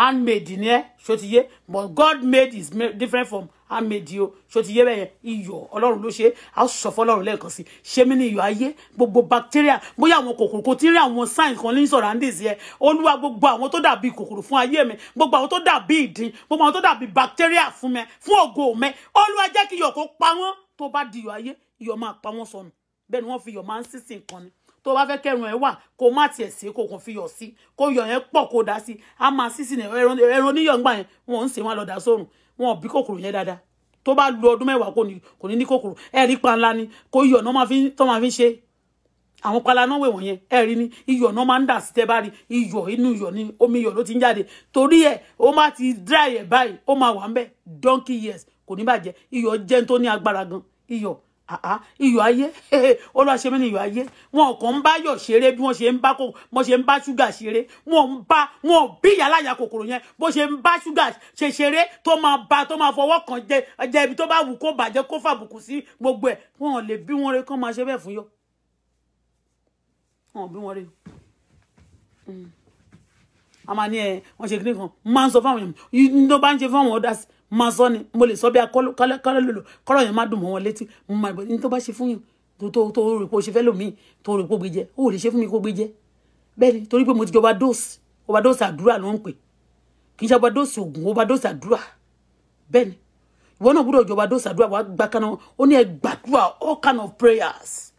handmade ni ẹ ṣó ti yé but God made is different from handmade o ṣó ti yé bẹ́ẹ̀ yẹn iyọ̀ ọlọ́run ló ṣe a sọ fọlọ́run lẹ́ẹ̀kan sí ṣé mi ni iyọ̀ ayé gbogbo bacteria bóyá àwọn kòkòrò kò tí ń rí àwọn sign kan ní surroundings yẹn olúwa gbogbo àwọn tó dàbí kòkòrò fún ayé mi gbogbo àwọn tó dàbí ìdin gbogbo àwọn tó dàbí bacteria fún mi fún ògo mi olúwa jẹ́ kí iyọ̀ kó pa wọ́n tó bá di iyọ̀ ayé iyọ̀ máa pa wọ́n sọnù bẹ́ẹ̀ ni wọ́n fi iyọ̀ máa ń sísìn kan ni tó bá fẹ́ kẹrun ẹ̀ wà kó má tiẹ̀ sí kó kàn fi yọ̀ sí kó yọ̀ yẹn pọ̀ kó dá sí a máa sísì ní ẹran oníyọ̀ngbà yẹn wọn ò ń sè wọn lọ dá sórùn wọn ò bí kòkòrò yẹn dáadáa tó bá lu ọdún mẹ́wàá kò ní kò ní ní kòkòrò ẹ̀rí panla ni kó iyọ̀ náà tó máa fi ń ṣe àwọn panla náà wẹ̀ wọ̀nyẹn ẹ̀rí ni iyọ̀ náà máa ń dà sí tẹ́ rí iyọ̀ inú iyọ̀ ni omi iyọ̀ ló ti ń jáde torí ẹ̀ ó má ti dry ẹ̀ báyìí ó máa wà ń bẹ̀ donkey years kò ní bàjẹ́ iyọ̀ jẹ́ tó ní agbára gan iyọ̀ Ah, ah, iyọ̀ ayé olúwa ṣe mí ní iyọ̀ ayé wọn kàn ń bá yọ̀ ṣeré bí wọ́n ṣe ń bá wọ́n ṣe ń bá ṣúgà ṣeré wọn ń bá wọn bí ìyáláyà kòkòrò yẹn bó ṣe ń bá ṣúgà ṣe ṣeré tó máa ba tó máa fọwọ́ kan jẹ jẹ ibi tó bá wù kó bàjẹ́ kó fàbùkù sí gbogbo ẹ̀ wọn lè bí wọn rẹ kán máa ṣe bẹ́ẹ̀ fún yọ wọn bí wọn rẹ hmm. a máa ní ẹ wọn ṣe kíní kan máa ń sọ fáwọn èèyàn ló bá ń ṣe fáwọn ọ̀dà sí i máa sọ ni mo lè sọ bí akọ́lọ́lọ́lọ́ kọ́rọ̀ yẹn má dùn mọ́ wọn létí mo máa bọ̀ ní tó bá ṣe fún yín tó tó rò pé o ṣe fẹ́ lòmíì tó rò pé o gbé jẹ o ò lè ṣe mi kó gbé jẹ bẹ́ẹ̀ ni torí pé mo ti jọba dóòsì ọba dóòsì àdúrà ló ń pè kì í ṣe ọba dóòsì ògùn ọba dóòsì àdúrà bẹ́ẹ̀ ni ìwọ náà gbọ́dọ̀ jọba dóòsì àdúrà wàá gbà kan náà ó ní ẹ gbàdúrà all kind of prayers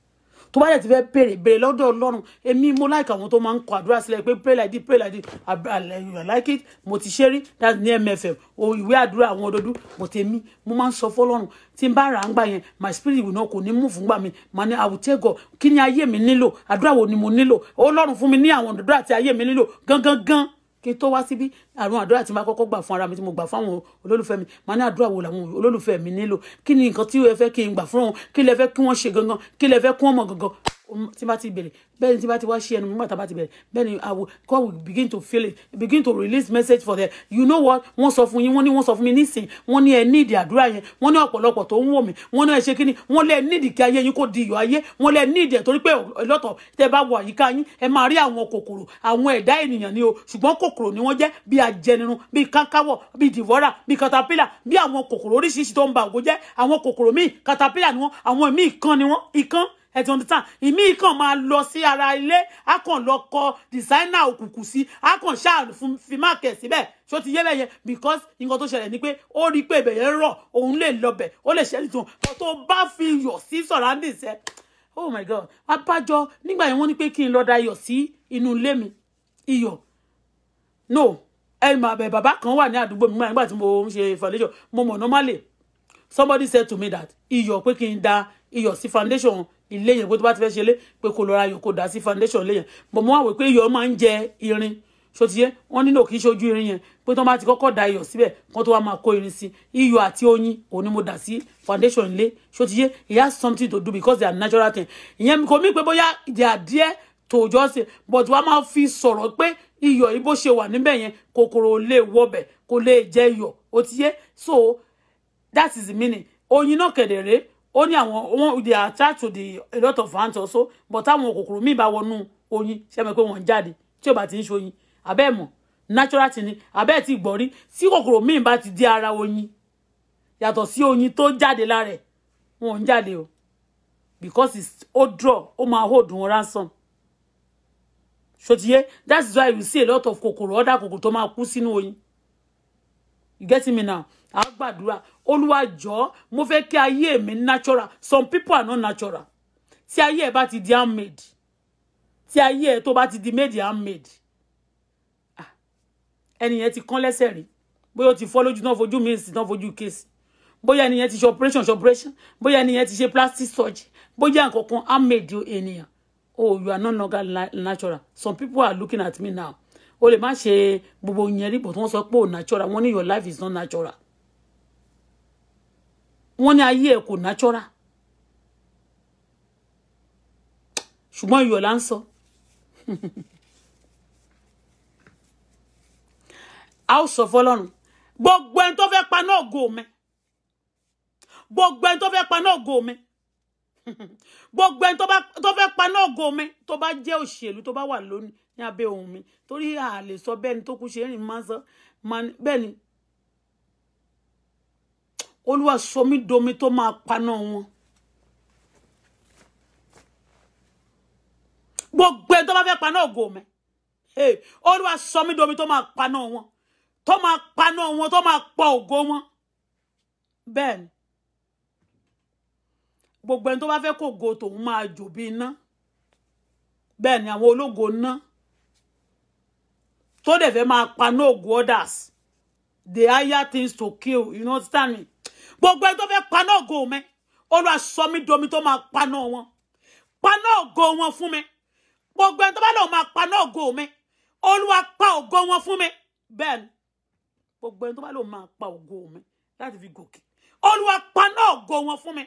tó bá dẹ̀ ti fẹ́ béèrè béèrè lọ́dọ̀ ọlọ́run èmi mo like àwọn tó máa ń kọ àdúrà sílẹ̀ pé pray like this pray like this I like it mo ti ṣe rí that's ní mfm ìwé àdúrà àwọn òdodo mo ti mí mo máa ń sọ fọlọ́run tí n bá rà á ń gbà yẹn my spirit will not kò ní mú fún gbà mí mà ní àwùjẹ́gọ̀ kí ni ayé mi nílò àdúrà wo ni mo nílò ọlọ́run fún mi ní àwọn òdodo àti ayé mi nílò gangan gan kí n tó wá síbí àrùn àdúrà tí máa kọ́kọ́ gbà fún ara mi tí mo gbà fún àwọn olólùfẹ́ mi máa ní àdúrà wo làwọn olólùfẹ́ mi nílò kí ni nǹkan tí ẹ fẹ́ kí n gbà fún wọn kí lẹ fẹ́ kí wọ́n ṣe gangan kí lẹ fẹ́ kí wọ́n mọ̀ gangan Mm, tí bá ti bẹ̀rẹ̀ bẹ́ẹ̀ ni tí bá ti wá ṣe ẹnu mọ́ta bá ti bẹ̀rẹ̀ bẹ́ẹ̀ ni i will will begin to feel it begin to release message for them you know what wọ́n sọ fún yín wọ́n ní wọ́n sọ fún mi nísìn wọ́n ní ẹ ní ìdí àdúrà yẹn wọ́n ní ọ̀pọ̀lọpọ̀ tó ń wò mí wọ́n ní ẹ ṣe kíni wọ́n lẹ́ ní ìdí kí ayé yín kó di iyọ̀ ayé wọ́n lẹ́ ní ìdí ẹ̀ torí pé lọ́tọ̀ tẹ́ bá wọ àyíká yín ẹ máa rí àwọn kòkòrò àwọn ẹ̀dá ènìyàn ni o ṣùgbọ́n kòkòrò ni wọ́n jẹ́ bí ajẹnirun bí kankáwọ̀ bí dìvọ́rà bí katapila bí àwọn kòkòrò oríṣiríṣi tó ń ba ògo jẹ́ àwọn kòkòrò míì katapila ni wọ́n àwọn míì ìkan ni wọ́n ìkan ẹ ti understand ìmí kàn máa lọ sí ara ilé a kàn lọ kọ designer òkùnkùn sí a kàn ṣáà fi máàkì ẹ̀ síbẹ̀ ṣó ti yé bẹ́yẹn because nǹkan tó ṣẹlẹ̀ ni pé ó rí i pé ìbẹ̀yẹn rọ̀ òun lè lọbẹ̀ ó lè ṣẹlẹ̀ tún ọ tó bá fi yọ̀ sí surroundings ẹ oh my god abájọ nígbà yẹn wọ́n ní pé kí n lọ da iyọ̀ sí inú ilé mi iyọ̀ no ẹ mà bẹ bàbá kan wà ní àdúgbò mi nígbà tí mo ṣe foundation mo mọ̀ normally somebody said to me that iyọ̀ pé kí n da iyọ̀ sí foundation ilé yẹn pé tó bá ti fẹ́ ṣe lé pé kò lọ ra yòókù dá sí foundation lé yẹn bọ̀ mọ́ àwẹ̀ pé iyọ̀ máa ń jẹ irin sotiye wọ́n nílò kí n ṣojú irin yẹn pé tó bá ti kọ́kọ́ da iyọ̀ síbẹ̀ kó tó wá máa kó irin sí iyọ̀ àti oyin òun ni mo dà sí foundation lé sotiye it has something to do because they are natural thing ìyẹn kò mí pé bóyá they are there to just say but wàá máa fi sọ̀rọ̀ pé iyọ̀ yìí bó ṣe wà níbẹ̀ yẹn kòkòrò lè wọbẹ̀ kò lè jẹ iyọ̀ ó ti yé so that is the meaning oyin náà kẹ̀dẹ̀ rèé Only ní àwọn wọn they are attached to the a lot of ants also but táwọn kòkòrò míì bá wọnú oyin ṣe mọ̀ pé wọ́n ń jáde tí ò bá ti ń ṣoyin abẹ́ natural ti ni abẹ́ ti gbọ́ rí tí kòkòrò míì bá ti di ara oyin yàtọ̀ sí oyin tó jáde lára ẹ̀ wọn o because it's ó draw ó máa hold wọn ransom ṣòtìyẹ that's why you see a lot of kòkòrò Other kòkòrò tó máa kú sínú oyin you get me now a gbàdúrà olúwa jọ̀ọ́ mo fẹ́ kí ayé mi natural some people are not natural tí ayé ẹ bá ti di handmade tí ayé ẹ tó bá ti di made handmade ah, ẹni yẹn ti kán lẹ́sẹ̀ rí bóyá o ti fọ́ lójú náà fojú mi sí náà fojú kéésì bóyá ẹni yẹn ti ṣe operation ṣe operation bóyá ẹni yẹn ti ṣe plastic surgery bóyá nǹkan kan handmade ènìyàn oh you are not longer natural some people are looking at me now o lè má ṣe gbogbo yẹn rí bọ̀ tí wọ́n sọ pé o natural wọ́n ní your life is not natural wọ́n ní ayé ẹ̀ kò natural ṣùgbọ́n iyọ̀ là ń sọ a ó sọ fọ́lọ́run gbogbo ẹni tó fẹ́ pa náà gò mẹ́ gbogbo ẹni tó fẹ́ pa náà gò mẹ́ gbogbo ẹni tó fẹ́ pa náà gò mẹ́ tó bá jẹ́ òṣèlú tó bá wà lónìí ní abẹ́ ohun mi torí a sọ bẹ́ẹ̀ tó kù ṣe é rìn máa ń sọ bẹ́ẹ̀ olúwa sọ mí domi tó máa paná wọn. gbogbo ẹni tó bá fẹ́ paná ògo mi olúwa sọ mí domi tó máa paná wọn tó máa paná wọn tó máa pọ ògo wọn bẹ́ẹ̀ ni gbogbo ẹni tó bá fẹ́ kó ògo tòun máa jò bí iná bẹ́ẹ̀ ni àwọn ológo ná tó dẹ̀ fẹ́ máa paná ògo others the higher things to kill you know stand me gbogbo ẹni tó fẹ́ paná ògo mi olúwa sọ mí domi tó máa paná wọn paná ògo wọn fún mi gbogbo ẹni tó bá lọ máa paná ògo mi olúwa pa ògo wọn fún mi bẹ́ẹ̀ ni gbogbo ẹni tó bá lọ máa pa ògo mi láti fi gòkè olúwa paná ògo wọn fún mi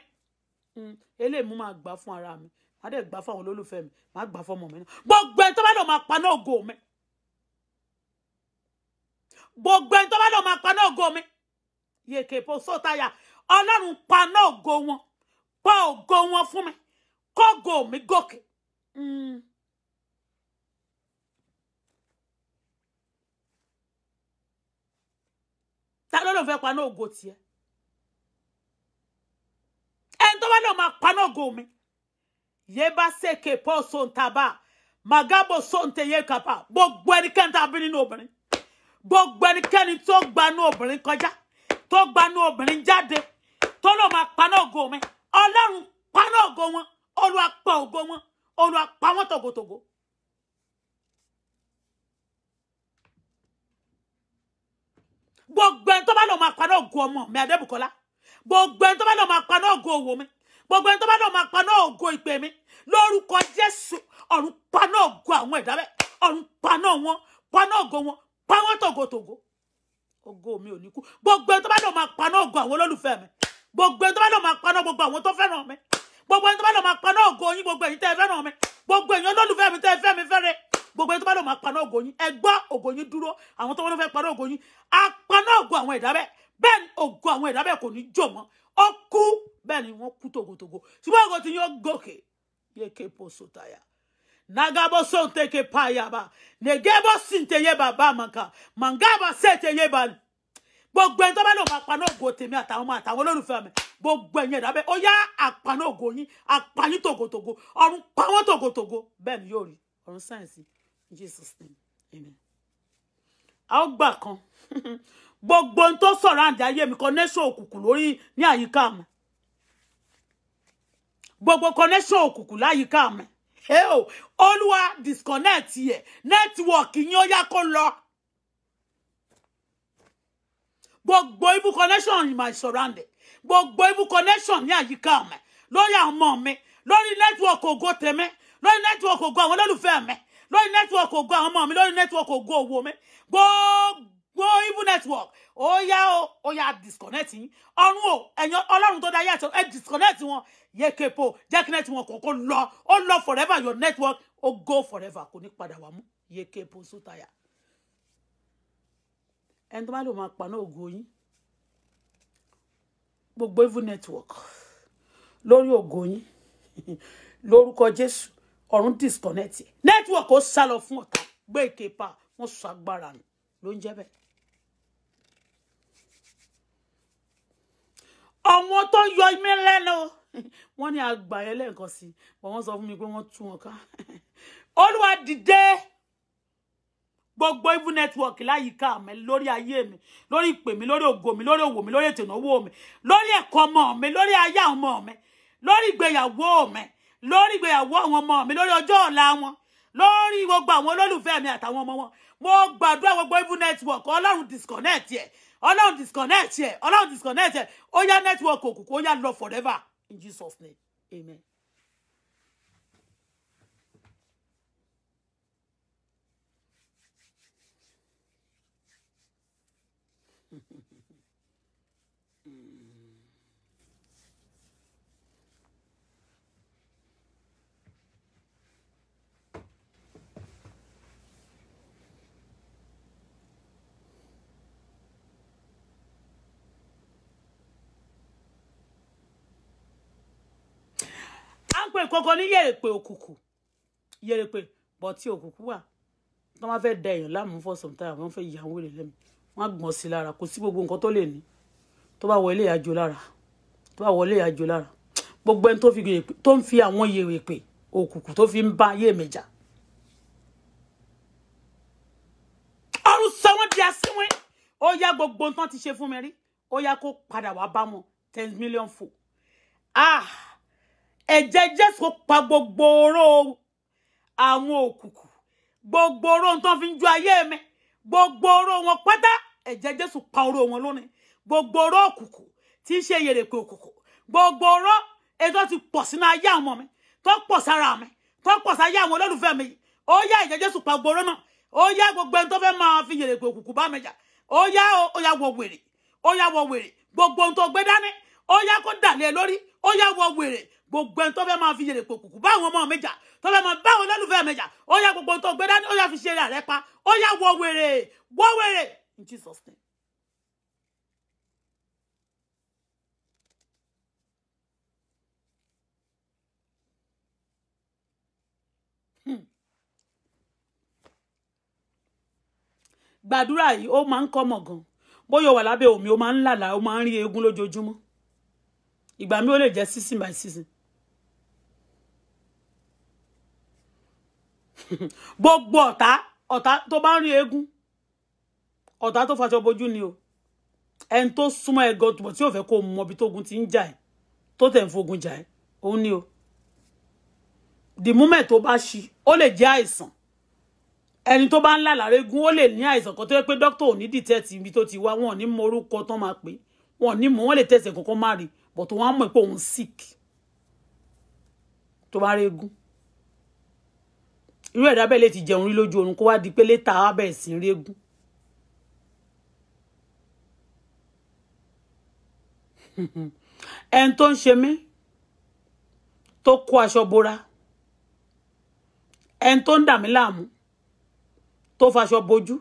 hmm, eléyìí máa gbà fún ara mi màá dẹ̀ gbà fún àwọn olólùfẹ́ mi màá gbà fún ọmọ mi náà gbogbo ẹni tó bá lọ máa paná ògo mi gbogbo ẹni tó bá lọ máa paná ògo mi yèkè pọ̀ sọ́tàyà ọlọ́run paná ògo wọn pa ògo wọn fún mi kógo mi gòkè. Mm. ta ló ló fẹ́ paná ògo tiẹ̀ ẹni tó bá lọ máa paná ògo mi yéba sèké pọ́ sóńtàbà màgàbọ̀ sóńtẹ̀yẹ kàpà gbogbo ẹnikẹ́ni tá a bí nínú obìnrin gbogbo ẹnikẹ́ni tó gbanú obìnrin kọjá tó gbanú obìnrin jáde tó lọ máa paná ògo mi ọlọ́run paná ògo wọn olúwa pa ògo wọn olúwa pa wọ́n tògótògó. gbogbo ẹni tó bá lọ máa paná ògo ọmọ mi adébùkọ́lá gbogbo ẹni tó bá lọ máa paná ògo òwò mi gbogbo ẹni tó bá lọ máa paná ògo ìpè mi lórúkọ jésù ọ̀run paná ògo àwọn ẹ̀dá bẹ́ẹ̀ ọ̀run paná wọn paná ògo wọn pa wọ́n tògótògó ògo mi ò ní kú gbogbo ẹni tó bá lọ máa paná ògo àwọn olólùfẹ́ mi gbogbo ẹni tó bá lọ máa paná gbogbo àwọn tó fẹ́ràn mi gbogbo ẹni tó bá lọ máa paná ògo yín gbogbo ẹ̀yin tẹ́ ẹ fẹ́ràn mi gbogbo ẹ̀yin olólùfẹ́ mi tẹ́ ẹ fẹ́ mi fẹ́rẹ̀ gbogbo ẹni tó bá lọ máa paná ògo yín ẹ gbọ́ ògo yín dúró àwọn tó wọn fẹ́ paná ògo yín a paná ògo àwọn ẹ̀dá bẹ́ẹ̀ bẹ́ẹ̀ ni ògo àwọn ẹ̀dá bẹ́ẹ̀ kò ní jò mọ́ ó kú bẹ́ẹ̀ ni wọ́n kú tògótògó ṣùgbọ́n ògo ti yín ó gòkè yéké poso táyà nagabo so teke payaba negebo sinteye baba manka mangaba seteye bali gbogbo ẹni tó bá lò máa paná ògo tèmi àtàwọn ọmọ àtàwọn olólùfẹ́ mi gbogbo ẹ̀yin ẹ̀dá bẹ́ẹ̀ ó yá àpaná ògo yín àpáyín tògótògó ọ̀run pawọ́ tògótògó bẹ́ẹ̀ ni yóò rí ọ̀run sáyẹ̀nsì Jesus name amen. a ó gbà kan gbogbo ohun tó sọ̀rọ̀ àǹdí ayé mi connection òkùnkùn lórí ní àyíká mi gbogbo connection òkùnkùn láyìíká mi olúwa disconnect yẹ network yín ó yá kó lọ gbogbo evil connection in my surrounding gbogbo evil connection ní àyíká mi lórí àwọn ọmọ mi lórí network ògo tèmi lórí network ògo àwọn olólùfẹ́ mi lórí network ògo àwọn ọmọ mi lórí network ògo òwò mi gbogbo evil network ó yá ó ó yá disconnect yín ọ̀run o ẹ̀yin ọlọ́run tó dáyé àti ẹ disconnect wọn yékepo jẹ́ kí net wọn kò kó lọ ó lọ forever your network ó go forever kò ní padà wá mú yékepo sótayà ẹni tó bá lò máa pa náà ògo yín gbogbo evil network lórí ògo yín lórúkọ Jésù ọ̀run disconnect network ó sá lọ fún ọ̀tá gbé èké pa wọ́n sọ agbára nù ló ń jẹ́ bẹ́ẹ̀. àwọn tó yọ imí lẹ́nu wọ́n ní àgbà lẹ́ẹ̀kan sí i wọ́n sọ fún mi pé wọ́n tú wọn ká olúwa dìde gbogbo even network láyìíká mi lórí ayé mi lórí ìpè mi lórí ògo mi lórí òwò mi lórí ètò ìnáwó mi lórí ẹ̀kọ́ ọmọ mi lórí ayé àwọn ọmọ mi lórí ìgbéyàwó mi lórí ìgbéyàwó àwọn ọmọ mi lórí ọjọ́ ọ̀la wọn lórí gbogbo àwọn olólùfẹ́ mi àtàwọn ọmọ wọn mo gbàdúrà gbogbo even network ọlọ́run disconnect yẹ ọlọ́run disconnect yẹ ọlọ́run disconnect yẹ ó yá network òkùnkùn ó yá lọ forever in Jesus name amen. ń pè kankan ní yèrèpè òkùnkùn yèrèpè bọ́ tí òkùnkùn wà tó máa fẹ́ da èèyàn láàmú for some time wọ́n fẹ́ yà wọ́n lè lẹ́mu wọ́n á gbọ̀n sí lára kò sí gbogbo nǹkan tó lè ní tó bá wọlé àjò lára tó bá wọlé àjò lára gbogbo ẹni tó ń fi àwọn yèrèpè òkùnkùn tó fi ń bá ayé mi ọrùn sọ wọn di asínwín ó yá gbogbo nǹkan ti ṣe fún mi rí ó yá kó padà wá bá wọn ten million fò ah. ẹ̀jẹ̀ jésù pa gbogbo oró àwọn òkùnkùn gbogbo oró tó fi ń ju ayé mi gbogbo oró wọn pátá ẹ̀jẹ̀ jésù pa oró wọn lónìí gbogbo oró òkùnkùn tí ṣe òkùnkùn gbogbo oró ètò ti pọ̀ sínú ọmọ mi tó pọ̀ sára mi tó pọ̀ sáyé àwọn olólùfẹ́ mi yìí ó yá jésù pa gbogbo oró náà ó yá gbogbo ẹni tó wọ wèrè ó yá wọ wèrè gbogbo ohun tó gbé dání ó yá kó dàlẹ́ lórí wọ wèrè gbogbo ẹni tó fẹ́ máa fi yèrè pòkùkù bá àwọn ọmọ mi jà tó fẹ́ máa bá àwọn olólùfẹ́ mi jà ó yá gbogbo tó gbé dání ó yá fi ṣe eré rẹ pa ó yá wọ wèrè wọ wèrè in Jesus name. Hmm. gbàdúrà yìí ó máa ń kọ́mọ̀ gan bóyá wà lábẹ́ omi ó máa ń lálàá ó máa ń rí eégún lójoojúmọ́ ìgbà mi ó lè jẹ́ season by season gbogbo ọ̀tá ọ̀tá tó bá ń rí eégún ọ̀tá tó faṣọ bojú ni o ẹni tó súnmọ́ ẹ gan tùbọ̀ tí ò fẹ́ kó mọ ibi tógun ti ń jà ẹ tó tẹ̀ ń fogun jà ẹ òun ni o the moment tó bá ṣí ó lè jẹ́ àìsàn ẹni tó bá ń lálàárẹ̀ eégún ó lè ní àìsàn kan tó yẹ pé dókítà ò ní dìtẹ́tì ibi tó ti wá wọn ò ní mọ orúkọ tán máa pè wọn ò ní mọ wọn lè tẹ̀sẹ̀ kankan má rí bọ̀tò wọn á mọ̀ pé òun sick tó bá rí eégún irú ẹ̀dá bẹ́ẹ̀ lè ti jẹun rí lójú oorun kó wá di pé létà á bẹ̀rẹ̀ sí rí eégún. ẹni tó ń ṣe mí tó kó aṣọ bora ẹni tó ń dà mí láàmú tó faṣọ bojú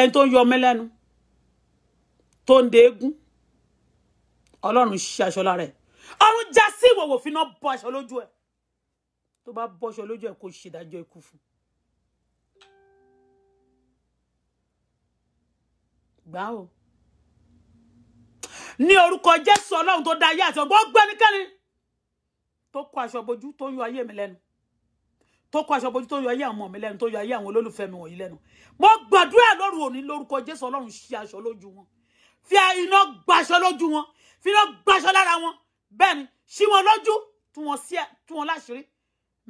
ẹni tó ń yọ mí lẹ́nu tó ń de eégún ọlọ́run ṣe aṣọ lára ẹ̀ ọ̀run já sí ìwòwò fi náà bọ aṣọ lójú ẹ̀ tó bá bọ́ṣọ lójú ẹ̀ kó ṣèdájọ́ ikú fún gbà ó ní orúkọ jésù ọlọ́run tó dá ayé àti ọgbọ́n gbẹ́nikẹ́ni tó kó aṣọ bojú tó yọ ayé mi lẹ́nu tó kó aṣọ bojú tó yọ ayé àwọn ọmọ mi lẹ́nu tó yọ ayé àwọn olólùfẹ́ mi wọ̀nyí lẹ́nu mo gbàdúrà lóru òní lórúkọ jésù ọlọ́run ṣí aṣọ lójú wọn fi iná gbaṣọ lójú wọn fi iná gbaṣọ lára wọn bẹ́ẹ̀ ni ṣí wọn lójú tú wọn láṣìírí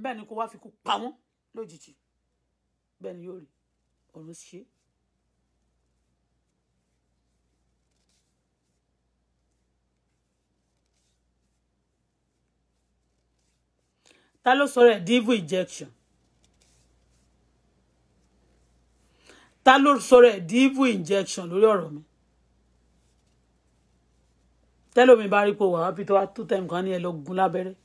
bẹ́ẹ̀ ni kó wá fi kú pa wọ́n lójijì bẹ́ẹ̀ ni yóò rí ọ̀run ṣe. ta ló sọ rẹ̀ devil injection ta ló sọ rẹ̀ devil injection lórí ọ̀rọ̀ mi tẹ́lómi bá rí pé wàá fi tó wá two times kan ní ẹ lọ gún lábẹ́rẹ́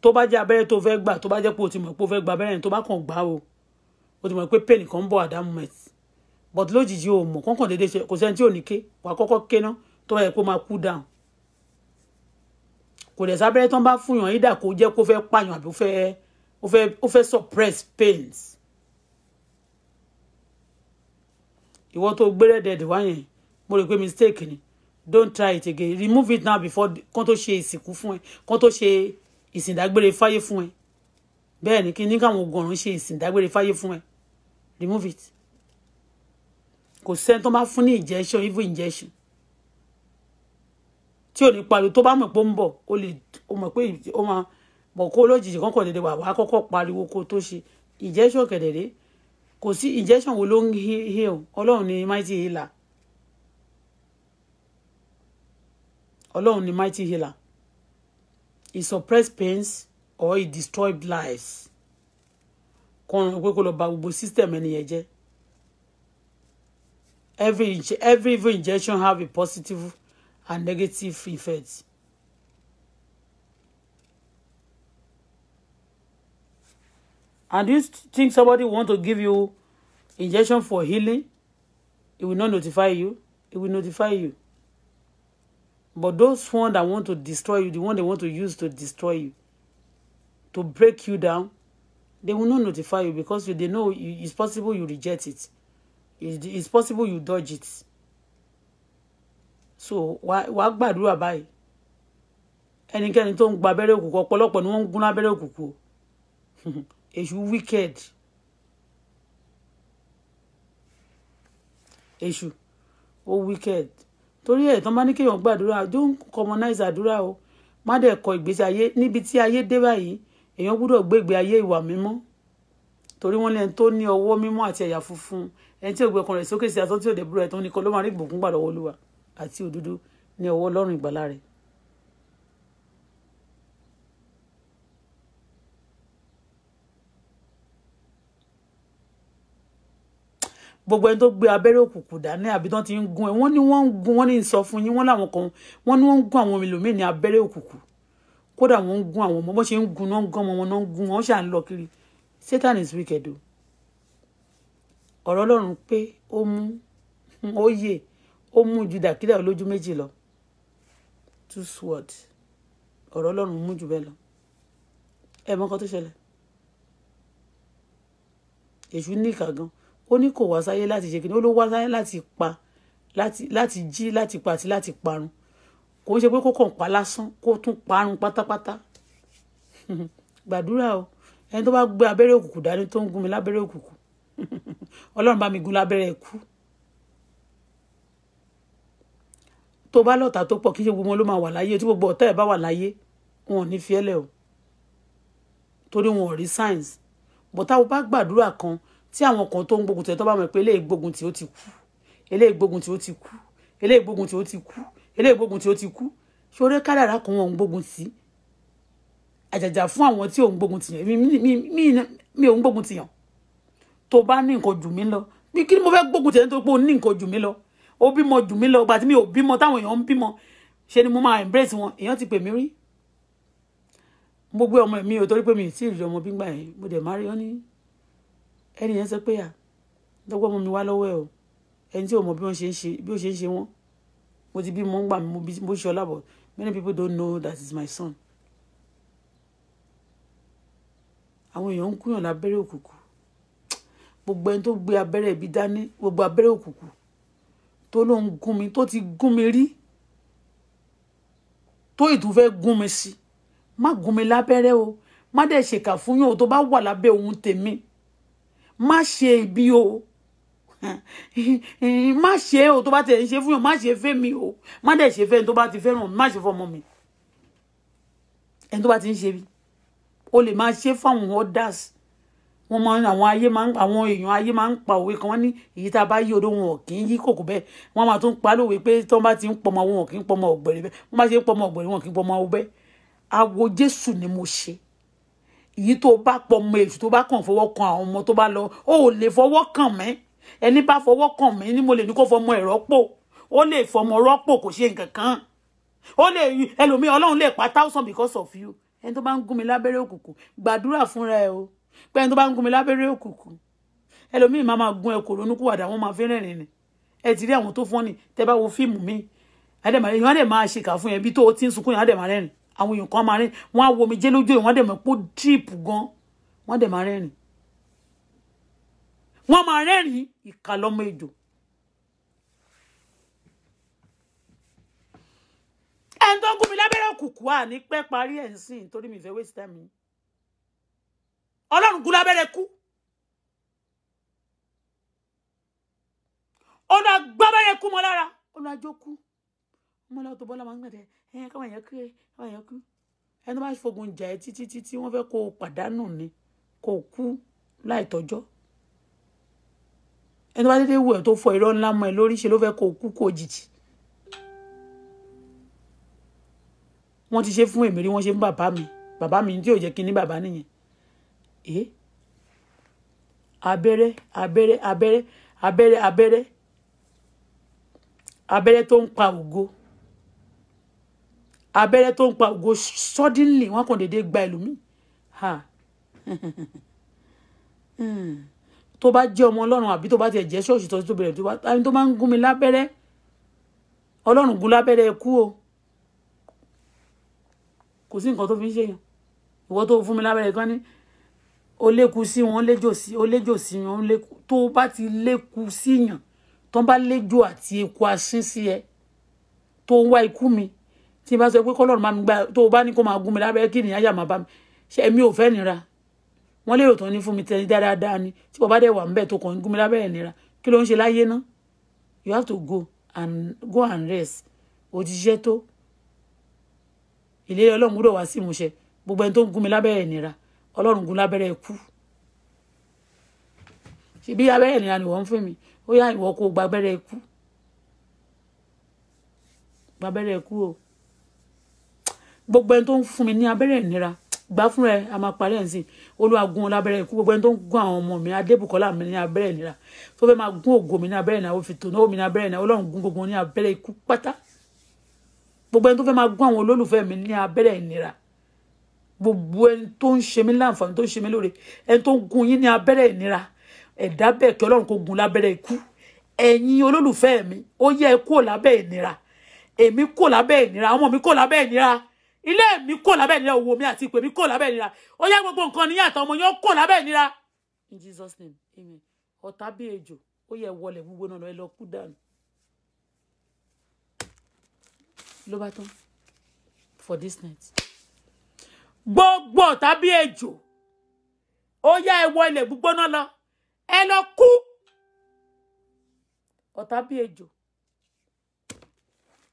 tó bá jẹ́ abẹ́rẹ́ tó fẹ́ gbà tó bá jẹ́ pé o ti mọ̀ pé o fẹ́ gba abẹ́rẹ́ yẹn tó bá kàn gbà o o ti mọ̀ pé pain kan ń bọ̀ at that moment but lójijì o mọ̀ kọ́kàn déédéé ṣe kò sẹ́ni tí ò ní ké wà kọ́kọ́ ké ná tó bá yẹ kó máa cool down kò dẹ̀ sábẹ́rẹ́ tán bá fún yàn ídà kó jẹ́ kó fẹ́ pààyàn àbí ó fẹ́ ó fẹ́ ó fẹ́ suppress pains ìwọ tó gbéré dẹ̀dẹ̀ wá yẹn mo rò pé mistake ni don't try it again remove it now before kán tó ṣe ìsìnkú fún ẹ kán tó ṣe ìsìndágbére fáyé fún ẹ bẹ́ẹ̀ ni kí ní káwọn ọgọ́rùn ṣe ìsìndágbére fáyé fún ẹ remove it kò sẹ́ni tó bá fún ní injection even injection tí ò ní pariwo tó bá mọ̀ pé ó ń bọ̀ ó lè ó mọ̀ pé ó máa bọ̀ kó lójijì kọ́kọ́ dédé wà wá kọ́kọ́ pariwo kó tó ṣe injection kẹ̀dẹ̀rẹ́ kò sí injection wo ló ń heal ọlọ́run ni mighty healer ọlọ́run ni mighty healer it suppressed pains or it destroyed lives kọrin pé kó lọ bà gbogbo system every every injection have a positive and negative effect. And do you think somebody want to give you injection for healing? It will not notify you. It will notify you. But those ones that want to destroy you, the one they want to use to destroy you, to break you down, they will not notify you because you, they know you, it's possible you reject it. it. It's possible you dodge it. So wàá gbàdúrà báyìí. Ẹnikẹ́ni tó ń gba abẹ́rẹ́ òkùnkùn ọ̀pọ̀lọpọ̀ ni wọ́n ń gún lábẹ́rẹ́ òkùnkùn. Èṣù wicked. Èṣù ó wicked torí ẹ̀ tán bá ní kéèyàn gbàdúrà don't commonize àdúrà o má dẹ̀ kọ ìgbésí ayé níbi tí ayé dé báyìí èèyàn gbúdọ̀ gbé ìgbé ayé ìwà mímọ́ torí wọ́n lẹ́ni tó ní ọwọ́ mímọ́ àti àyà funfun ẹni tí ògbẹ́kùn rẹ̀ sókè sí asán tí òdẹ̀búrò ẹ̀ tán nìkan ló máa rí ìbùkún gbà lọ́wọ́ olúwa àti òdodo ní ọwọ́ ọlọ́run ìgbàlá rẹ̀ gbogbo ẹni tó gbé abẹ́rẹ́ òkùnkùn dání àbí tán ti ń gun ẹ̀ wọ́n ní wọ́n ń gun wọ́n ní ń sọ fún yín wọ́n láwọn kan wọ́n ní wọ́n ń gun àwọn ẹlòmíì ní abẹ́rẹ́ òkùnkùn kódà wọ́n ń gun àwọn ọmọ bó ṣe ń gun náà ń gan ọmọ wọn náà ń gun wọn ṣà ń lọ kiri Satan is wicked o ọ̀rọ̀ Ọlọ́run pé ó mú ó yè ó mú ju dàkídà olójú méjì lọ two sword ọ̀rọ̀ Ọlọ́run mú jù bẹ́ẹ̀ lọ ẹ̀ mọ́kàn tó ṣẹlẹ̀ èṣù ní ìkà gan ó ní kò wá sáyé láti ṣe kíni ó ló wá sáyé láti pa láti láti jí láti pa àti láti parun kò ń ṣe pé kó kàn pa lásán kó tún parun pátápátá gbàdúrà o ẹni tó bá gbé abẹ́rẹ́ òkùnkùn dání tó ń gún mi lábẹ́rẹ́ òkùnkùn ọlọ́run bá mi gún lábẹ́rẹ́ ikú tó bá lọ́tà tó pọ̀ kí ṣe gbogbo wọn ló máa wà láyé tí gbogbo ọ̀tá ẹ̀ bá wà láyé wọn ò ní fi ẹ́lẹ̀ o torí wọn ò rí signs bọ̀tá o bá gbàdúrà kan tí àwọn kan tó ń gbógun tẹ̀ tó bá mọ̀ pé eléyìí gbógun tí ó ti kú eléyìí gbógun tí ó ti kú eléyìí gbógun tí ó ti kú eléyìí gbógun tí ó ti kú ṣoré kádàrá kan wọn ń gbógun tì àjàjà fún àwọn tí ò ń gbógun tìyàn mi ò ń gbógun tìyàn tó bá ní nǹkan jù mí lọ bí kí ni mo fẹ́ gbógun tìyàn nítorí pé ó ní nǹkan jù mí lọ ó bímọ jù mí lọ gbà tí mi ò bímọ táwọn èèyàn ń bímọ ṣe ni mo máa embrace wọn èèyàn ti pè mí rí mo ọmọ mi ò torí pé mi ì tí ì rí ọmọ bí gbà yẹn mo dẹ̀ má rí ọ ní ẹni yẹn sọ pé à lọ́gbọ́ mú mi wá lọ́wọ́ ẹ̀ o ẹni tí ò mọ̀ bí wọ́n ṣe ń ṣe bí ó ṣe ń ṣe wọ́n mo ti bí mo ń gbà mo ṣe ọlábọ̀ many people don't know that is my son. àwọn èèyàn ń kúyàn lábẹ́rẹ́ òkùnkùn gbogbo ẹni tó gbé abẹ́rẹ́ ibi dání gbogbo abẹ́rẹ́ òkùnkùn tó ló ń gún mi tó ti gún mi rí tó ìtún fẹ́ gún mi sí má gún mi lábẹ́rẹ́ o má dẹ̀ ṣèkà fún yàn o tó bá wà lábẹ́ ohun tèmi má ṣe ibi o má ṣe o tó bá tẹ̀ ń ṣe fún yàn má ṣe fẹ́ mi o má dẹ̀ ṣe fẹ́ni tó bá ti fẹ́ràn má ṣe fọmọ mi ẹni tó bá ti ń ṣe bí o lè máa ṣe fáwọn others wọn máa ń àwọn ayé máa ń àwọn èèyàn ayé máa ń pa òwe kan wọn ní èyí tá a bá yí odó wọn kì í yí kòkò bẹ́ẹ̀ wọn máa tún pa lówe pé tí wọn bá ti ń pọmọ wọn kì í pọmọ ọ̀gbẹ̀rẹ̀ bẹ́ẹ̀ wọn bá ṣe ń pọmọ ọ̀gbẹ̀rẹ̀ wọn kì í pọmọ ọ̀bẹ àwo Jésù ni mo ṣe yìí tó bá pọ̀ ọmọ èṣù tó bá kàn fọwọ́ kan àwọn ọmọ tó bá lọ ó ò lè fọwọ́ kàn mí ẹni bá fọwọ́ kàn mí ni mo lè ní kó fọmọ ẹ̀ rọ́pò ó lè fọmọ rọ́pò kò ṣe nǹkan kan ó lè ẹlòmíì ọlọ́run lè pa thousand because of you ẹni tó bá ń gún mi lábẹ́rẹ́ òkùnkùn gbàdúrà fúnra ẹ o pé ẹni tó bá ń gún mi lábẹ́rẹ́ òkùnkùn ẹlòmíì máa máa gún ẹ kò ronúkúwàdà wọn máa fi rẹ́rìn ni ẹ ti rí àwọn tó fọ́n ni tẹ bá wo fíìmù mi adẹ̀mọ̀ yìí dẹ̀ máa ṣèkà fún yẹn bí tó o ti ń sunkún yẹn á dẹ̀ máa rẹ́rìn àwọn èèyàn kan máa rẹ́rìn wọ́n á wo omijé lójú ẹ̀ wọ́n dẹ̀ mọ̀ pé ó deep gan wọ́n dẹ̀ máa rẹ́rìn wọ́n máa rẹ́rìn ìkà lọ́mọ ẹni tó ń gún mi lábẹ́rẹ́ òkùnkùn à ní pẹ́ parí ẹ̀ ń sìn torí mi ìfẹ́ waste time mi ọlọ́run gún lábẹ́rẹ́ kú ọ̀nà gbábẹ́rẹ́ kú mọ́ lára ọ̀nà àjọkú ọmọláwọ̀ tó bọ́lá máa ń gbẹ̀dẹ̀ ẹ káwọn èèyàn kú káwọn èèyàn kú ẹni tó bá fogun jà ẹ títí títí wọ́n fẹ́ kó o pàdánù ni kó o kú láì tọ́jọ́ ẹni tó bá dédé wù ẹ tó fọ irọ́ ńlá mọ́ ẹ lórí ṣe ló fẹ́ kó o kú kó o jìjì wọ́n ti ṣe fún èmi rí wọ́n ṣe fún bàbá mi bàbá mi tí ò jẹ́ kí n ní bàbá nìyẹn ẹ abẹ́rẹ́ abẹ́rẹ́ abẹ́rẹ́ abẹ́rẹ́ abẹ́rẹ́ abẹ́rẹ́ tó ń pa ògo abẹ́rẹ́ tó ń pa ògo suddenly wọ́n kàn déédéé gba ẹlòmíì tó bá jẹ́ ọmọ ọlọ́run àbí tó bá tiẹ̀ jẹ́ ṣọ́ọ̀ṣì tó tó bẹ̀rẹ̀ tó bá ẹni tó máa ń gún mi lábẹ́rẹ́ ọlọ́run gún lábẹ́rẹ́ kú o kò sí nǹkan tó fi ń ṣèyàn ìwọ tó fún mi lábẹ́rẹ́ kan ní o léku sí wọn léjò sí o léjò sí wọn léku tó bá ti léku síyàn tó bá léjò àti eku asín sí ẹ tó ń wá ikú mi tí bá sọ pé kọ́lọ́run máa mi gbá tó o bá ní kó máa gún mi lábẹ́ kí nìyá yà máa bá mi ṣe èmi ò fẹ́ nira wọ́n lérò tán ní fún mi tẹ́lẹ̀ dáadáa ni tí bàbá dẹ̀ wà ń bẹ̀ tó kàn ń gún mi lábẹ́ ẹ̀ kí ló ń ṣe láyé ná you have to go and go and rest o ti ṣiṣẹ́ tó ìlérí ọlọ́run gbúdọ̀ wá sí ìmúṣẹ gbogbo ẹni tó ń gún mi lábẹ́ ẹ̀ ọlọ́run gún lábẹ́rẹ́ ikú ṣebí abẹ́rẹ́ ìnira ni wọ́n ń fún mi ó yá ìwọ kó gba ikú gba ikú o gbogbo ẹni tó ń fún mi ní abẹ́rẹ́ ìnira gbà fún ẹ a máa parí ẹ̀ sìn olúwa gún wọn lábẹ́rẹ́ ikú gbogbo ẹni tó ń gún àwọn ọmọ mi adébùkọ́lá mi ní abẹ́rẹ́ ìnira tó fẹ́ máa gún ògo mi ní abẹ́rẹ́ ìnira òfin tòun mi ní abẹ́rẹ́ ìnira ọlọ́run gún gbogbo ní abẹ́rẹ́ ikú pátá gbogbo ẹni tó fẹ́ máa gún àwọn olólùfẹ́ mi ní abẹ́rẹ́ ìnira gbogbo ẹni tó ń ṣe mí láǹfààní tó ń ṣe mí lóore ẹni tó ń gún yín ní abẹ́rẹ́ ìnira ẹ̀dá bẹ́ẹ̀ kí ọlọ́run kó gún lábẹ́rẹ́ ikú ẹ̀yin olólùfẹ́ mi ó yẹ kó lábẹ́ ìnira èmi kó lábẹ́ ìnira ọmọ mi kó lábẹ́ ìnira ilé mi kò lábẹ́ ìnira òwò mi àti ìpè mi kò lábẹ́ ìnira ó yá gbogbo nǹkan ní àtàwọn ọmọ yẹn kò lábẹ́ ìnira. in Jesus name amen ọ̀tá bí ejò ó yẹ wọlé gbogbo náà ẹ lọ kú dànù ló bá tán for this night. gbogbo ọ̀tá bí ejò ó yá ẹ wọ ilẹ̀ gbígbóná lọ ẹ lọ kú ọ̀tá bí ejò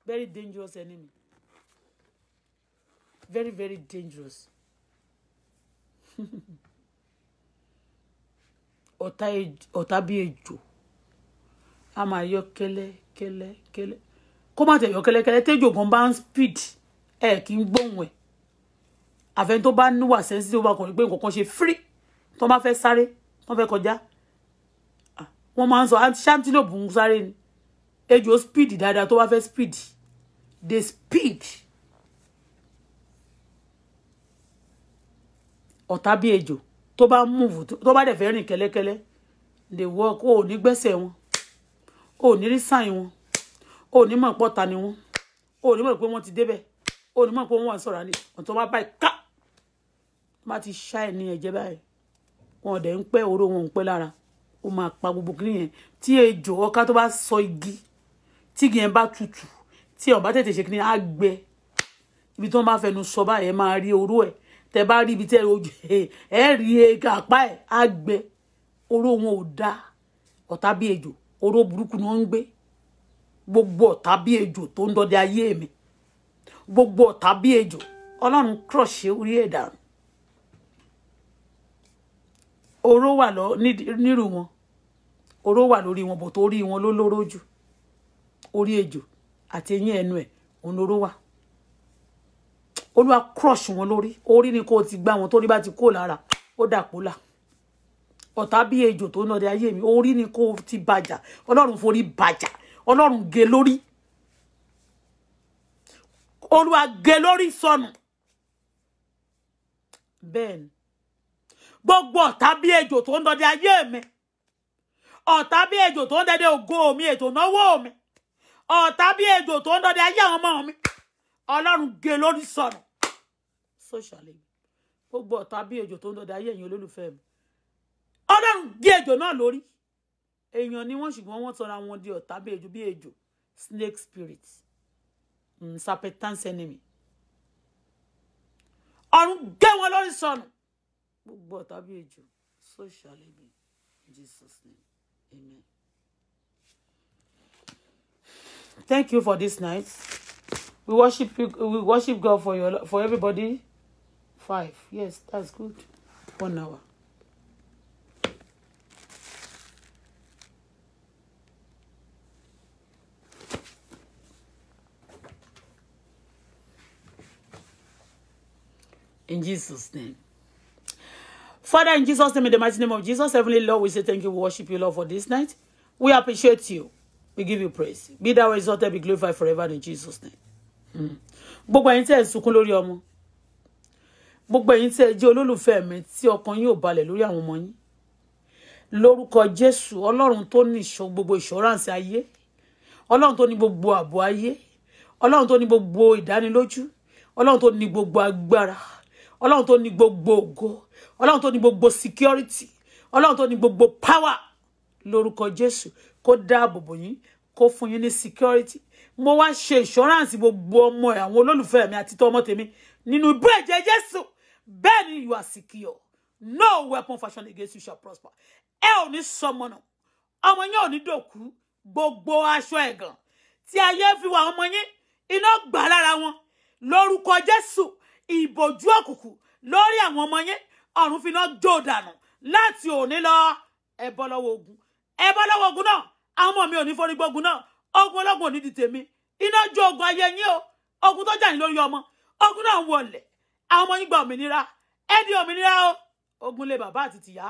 very dangerous enemy very very dangerous e, ọ̀tá bí ejò a máa yọ kẹ́lẹ́kẹ́lẹ́kẹ́lẹ́ kó má tẹ̀ yọ tẹ́jọ gan bá ń speed ẹ̀ kì í gbóhùn ẹ̀ àfẹn tó bá níwà sẹ́ńsì tó bá kàn ní pé nǹkan kan ṣe fírí tó bá fẹ́ sáré tó fẹ́ kọjá wọ́n máa ń sọ ṣáńtìlóòbù ń sáré ni ejò speed dáadáa tó bá fẹ́ speed they speed. ọ̀tá bí ejò tó bá múùfù tó bá dẹ̀ fẹ́ rìn kẹ́lẹ́kẹ́lẹ́ lè wọ kó o ní gbẹ́sẹ̀ wọn o ò ní rí sáìn wọn o ò ní mọ̀ pọ́ta ni wọn o ò ní mọ̀ pé wọ́n ti débẹ̀ o ò ní mọ̀ pé wọ́n sọ̀rọ̀ ni ọ̀tọ́ bá báyìí ká má ti ṣá ẹ̀ ní ẹ̀jẹ̀ báyìí wọn ò dẹ̀ ń pẹ́ oró wọn ò ń pẹ́ lára ó máa pa gbogbo kiri yẹn tí ejò ọká tó bá sọ igi tígi yẹn bá tutù tí ọ̀ bá tètè ṣe kiri yẹn á gbẹ ibi tí wọ́n bá fẹnu sọ báyìí ẹ máa rí oró ẹ̀ tẹ bá rí ibi tẹ ojú ẹ rí ega eh, eh, apá ẹ á oró wọn ò da ọ̀tá bí ejò oró burúkú ni wọ́n ń gbé gbogbo ọ̀tá bí ejò tó ń dọdẹ ayé mi gbogbo ọ̀tá bí ejò ọlọ́run crush orí ẹ̀ dànù oró wà lọ nírú wọn oró wà lórí wọn bò tó rí wọn ló jù orí ejò àti eyín ẹnu ẹ̀ òun lóró wà olúwa crush wọn lórí orí ni kò ti gbá wọn torí bá ti kó lára ó dàpọ̀ là ọ̀tá bí ejò tó nọdẹ ayé mi orí ni kò ti bàjà ọlọ́run forí bàjà ọlọ́run gé lórí olúwa gé lórí sọnù bẹ́ẹ̀ ni gbogbo ọ̀tá bí ejò tó nọdẹ ayé mi ọ̀tá bí ejò tó ń dẹdẹ ògo mi ètò náwó mi ọ̀tá bí ejò tó ń dọdẹ ayé àwọn ọmọ mi ọlọ́run gé lórí sọ̀rọ̀ socially gbogbo ọ̀tá bí ejò tó ń dọdẹ ayé ẹ̀yin olólùfẹ́ mi ọlọ́run gé ejò náà lórí èèyàn ni wọ́n ṣùgbọ́n wọ́n tọ́ra wọn di ọ̀tá bí ejò bí ejò snake spirit mm, serpentine enemy ọ̀run gé wọn lórí sọnù gbogbo ọ̀tá bí socially be Jesus name amen. Thank you for this night. We worship we worship God for your for everybody. five yes that's good one hour in Jesus' name. Father, in Jesus' name, in the mighty name of Jesus, Heavenly Lord, we say thank you, worship you, Lord, for this night. We appreciate you. We give you praise. Be thou exalted, be glorified forever in Jesus' name. Hmm. Gbogbo gbogbo ẹ̀yin tí ẹ jẹ́ olólùfẹ́ mi tí ọkàn yín ò balẹ̀ lórí àwọn ọmọ yín lórúkọ jésù ọlọ́run tó ní ìṣọ́ gbogbo ìṣọ́ránsì ayé ọlọ́run tó ní gbogbo ààbò ayé ọlọ́run tó ní gbogbo ìdánilójú ọlọ́run tó ní gbogbo agbára ọlọ́run tó ní gbogbo ògo ọlọ́run tó ní gbogbo security ọlọ́run tó ní gbogbo power lórúkọ jésù kó dáàbò bò yín kó fún yín ní security mo wá ṣe ìṣọ́ránsì gbogbo ọmọ ẹ̀ àwọn olólùfẹ́ mi àti tọmọ tèmi nínú ibú ẹ̀jẹ̀ jésù bẹ́ẹ̀ you are secure no weapon fashioned against you shall prosper ẹ ò ní sọmọnà ọmọ yín ò ní dòkú gbogbo aṣọ ẹ̀gàn tí ayé fi wà ọmọ yín iná gbà lára wọn lórúkọ Jésù ìbòjú òkùnkùn lórí àwọn ọmọ yín ọ̀run fi iná jó dànù láti òní lọ ẹ bọ́ lọ́wọ́ ogun ẹ bọ́ lọ́wọ́ ogun náà àwọn ọmọ mi ò ní forí gbógun náà ogun ológun ò ní di tèmi iná jó ogun ayé o ogun tó jà ní lórí ogun náà wọlẹ̀ àwọn ọmọ yín gba òmìnira ẹ di òmìnira o ogun lé bàbá àti tìyá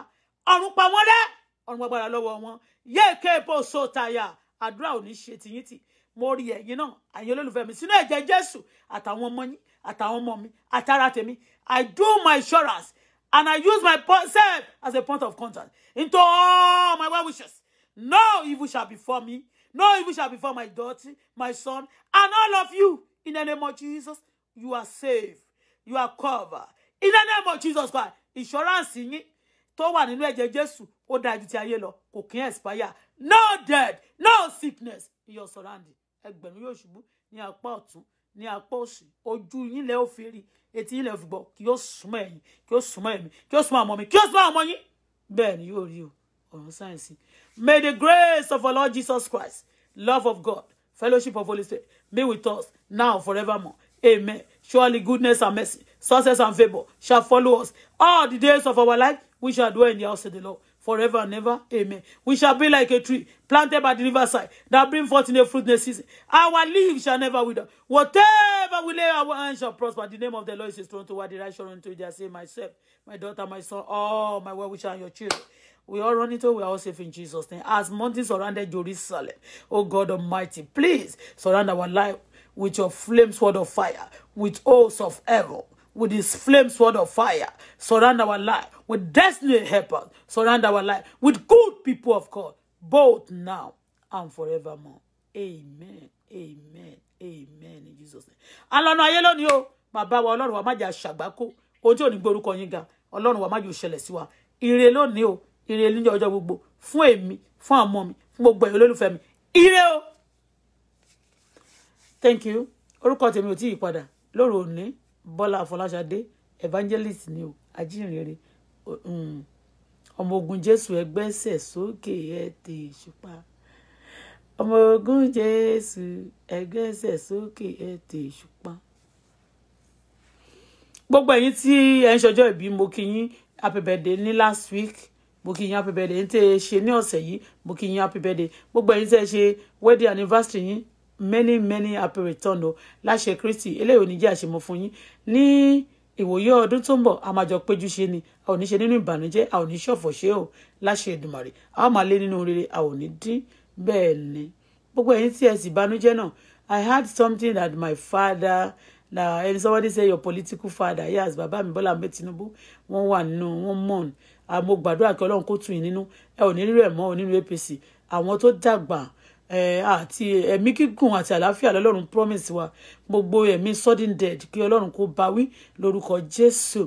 ọ̀run pa wọ́n rẹ́ ọ̀run agbára lọ́wọ́ wọn yéèké bó so tàyà àdúrà ò ní ṣe tìyín tì mo rí ẹ̀yin náà àyìn olólùfẹ́ mi sínú ẹ̀jẹ̀ jésù àtàwọn ọmọ yín àtàwọn ọmọ mi àtàrà tèmi i do my insurance and i use my myself as a point of contact into all my well wishes no evil shall befall me no evil shall befall my daughter my son and all of you in the name of jesus you are saved you are covered in the name of Jesus Christ insurance yín tó wà nínú ẹ̀jẹ̀ Jésù ó dáa ju ti ayé lọ kò kí expire no death no sickness in your surrounding ẹgbẹ̀rún yóò ṣubú ní apá ọ̀tún ní apá òsì ojú yín lẹ́ ò fi rí etí yín lẹ́ fi gbọ́ kí yóò súnmọ́ ẹ̀yìn kí yóò súnmọ́ ẹ̀mí kí yóò súnmọ́ àmọ́ mi kí yóò súnmọ́ àmọ́ o ọ̀run sáyẹ̀nsì may the grace of our Lord Jesus Christ love of God fellowship of Holy Spirit be with us now forevermore amen. Surely goodness and mercy, success and favor shall follow us all the days of our life. We shall dwell in the house of the Lord forever and ever. Amen. We shall be like a tree planted by the riverside that bring forth in the fruitless season. Our leaves shall never wither. Whatever we lay our hands shall prosper. The name of the Lord is strong toward the righteous unto thee. I say myself, my daughter, my son, all oh, my well wisher and your children. We all run into, we are all safe in Jesus' name. As mountains surrounded Jerusalem, oh God Almighty, please surround our life with your flame sword of fire, with oaths of error, with his flame sword of fire. Surround our life with destiny helpers. Surround our life with good people of God, both now and forevermore. Amen. Amen. Amen. In Jesus' name. Alọ́nà ayé lónìí o, bàbá wa ọlọ́run wa má jẹ́ àṣàgbákò. Ojo ni ò ní gborúkọ yín ga, ọlọ́run wa má jẹ́ òṣẹlẹ̀ sí wa. Ire lónìí o, ire ní ọjọ́ gbogbo. Fún èmi, fún àmọ́ mi, fún gbogbo ẹ̀yọ́ olólùfẹ́ mi. Ire o thank you orúkọ tèmi ò tí ì padà lóru òní bọ́lá àfọláṣadé evangelist ni o ajínrere um, ọmọ ogun jésù ẹgbẹ́sẹ̀ sókè ẹ tè ṣùpá ọmọ ogun jésù ẹgbẹ́sẹ̀ sókè ẹ tè ṣùpá. gbogbo ẹ̀yin tí ẹ ń ṣọjọ́ ìbí mo kí yín happy ní last week mo kí yín happy birthday ní tẹ́ ẹ ṣe ní ọ̀sẹ̀ yìí mo kí yín happy birthday gbogbo ẹ̀yin tẹ́ ṣe wedding anniversary yín many many happy return o láṣẹ kristi eléyìí ò ní jẹ́ àṣemọ fún yín ní ìwòye ọdún tó ń bọ̀ a máa jọ péjú ṣe ni a ò ní ṣe nínú ìbànújẹ́ a ò ní ṣọ̀fọ̀ ṣe o láṣẹ Èdùmàrè a ó máa lé nínú rere a ò ní dín bẹ́ẹ̀ ni gbogbo ẹ̀yin tí ẹ sì ìbànújẹ́ náà I had something that my father na and somebody say your political father yes bàbá mi Bọ́lá mi Tinubu wọ́n wà nínú wọ́n mourn àmọ́ gbàdúrà kí Ọlọ́run kó tù yín nínú ẹ ò ní rírẹ̀ mọ́ onínú APC àwọn tó dàgbà àti ẹ̀mí gígùn àti àlàáfíà lọ́lọ́run promise wa gbogbo ẹ̀mí sudden death kí ọlọ́run kó bá wí lórúkọ jésù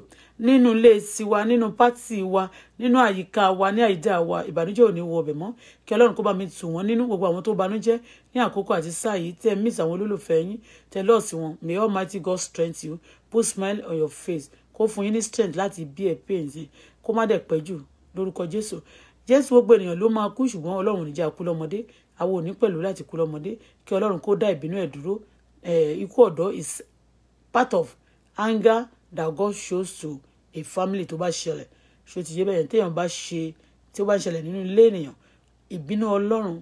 nínú ilé tiwa nínú pátì wa nínú àyíká wa ní àyídá wa ìbànújẹ́ ò ní wọ ọbẹ̀ mọ́ kí ọlọ́run kó bá mi tù wọ́n nínú gbogbo àwọn tó banújẹ́ ní àkókò àti sáà yìí tẹ́ miss àwọn olólùfẹ́ yín tẹ́ lọ́ọ̀sì wọn may almighty god strength you put smile on your face kó fún yín ní strength láti bí ẹ pain sí kó má dẹ̀ pẹ́ jù lórúkọ jésù jésù gbogbo ènìyàn ló máa kú ṣùgbọ́n ọlọ́run níjà kú lọ́mọdé àwọn òní pẹ̀lú láti kú lọ́mọdé kí ọlọ́run kó dá ìbínú ẹ̀ dúró ikú ọ̀dọ́ is part of anger that God shows to a family tó bá ṣẹlẹ̀ ṣó ti yé bẹ́ẹ̀ téèyàn bá ṣe tí ó bá ń ṣẹlẹ̀ nínú ilé ènìyàn ìbínú ọlọ́run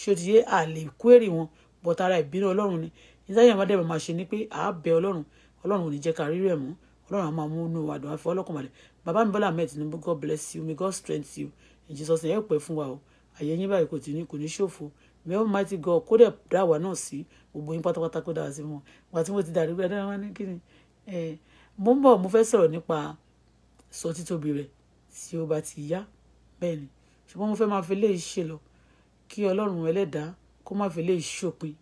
ṣó ti yé àlè kúérì wọn bọ́tà ara ìbínú ọlọ́run ni ìsáyẹ̀ máa dẹ̀bẹ̀ máa ṣe ni pé àábẹ̀ ọlọ́run ọlọ́run ò ní jẹ́ ká rí rẹ̀ mú ọlọ́run á máa mú inú wa àfẹ́ ọlọ́kùnrin bàbá mi Bọ́lá Ahmed Tinubu God bless you may God strengthen you in Jesus name ẹ pẹ́ fún wa o àyè yín báyìí kò tí ní kò ní ṣòfò may almighty god kó dẹ̀ dá àwa náà sí gbogbo yín pátápátá kó dára sí wọn ìgbà tí mo ti dàrí gbẹdẹ wọn ní kíni mo ń bọ̀ mo fẹ́ sọ̀rọ̀ nípa sọ títóbi rẹ̀ tí ó bá ti yá bẹ́ẹ̀ ni ṣùgbọ́n mo fẹ́ máa fi lè ṣe lọ kí ọlọ́run ẹlẹ́dàá kó má fi lè ṣòpin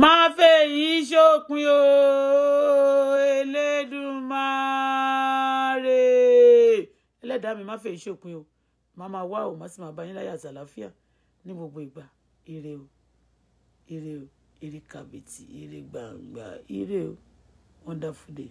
má fẹ́ yìí ṣòpin o Elédùmarè ẹlẹ́dàá mi má fẹ́ yìí ṣòpin o má máa wá o má sì máa bá yín láyà àtàláfíà ní gbogbo ìgbà ire o ire o ire kàbìtì ire gbàǹgbà ire o wonderful day.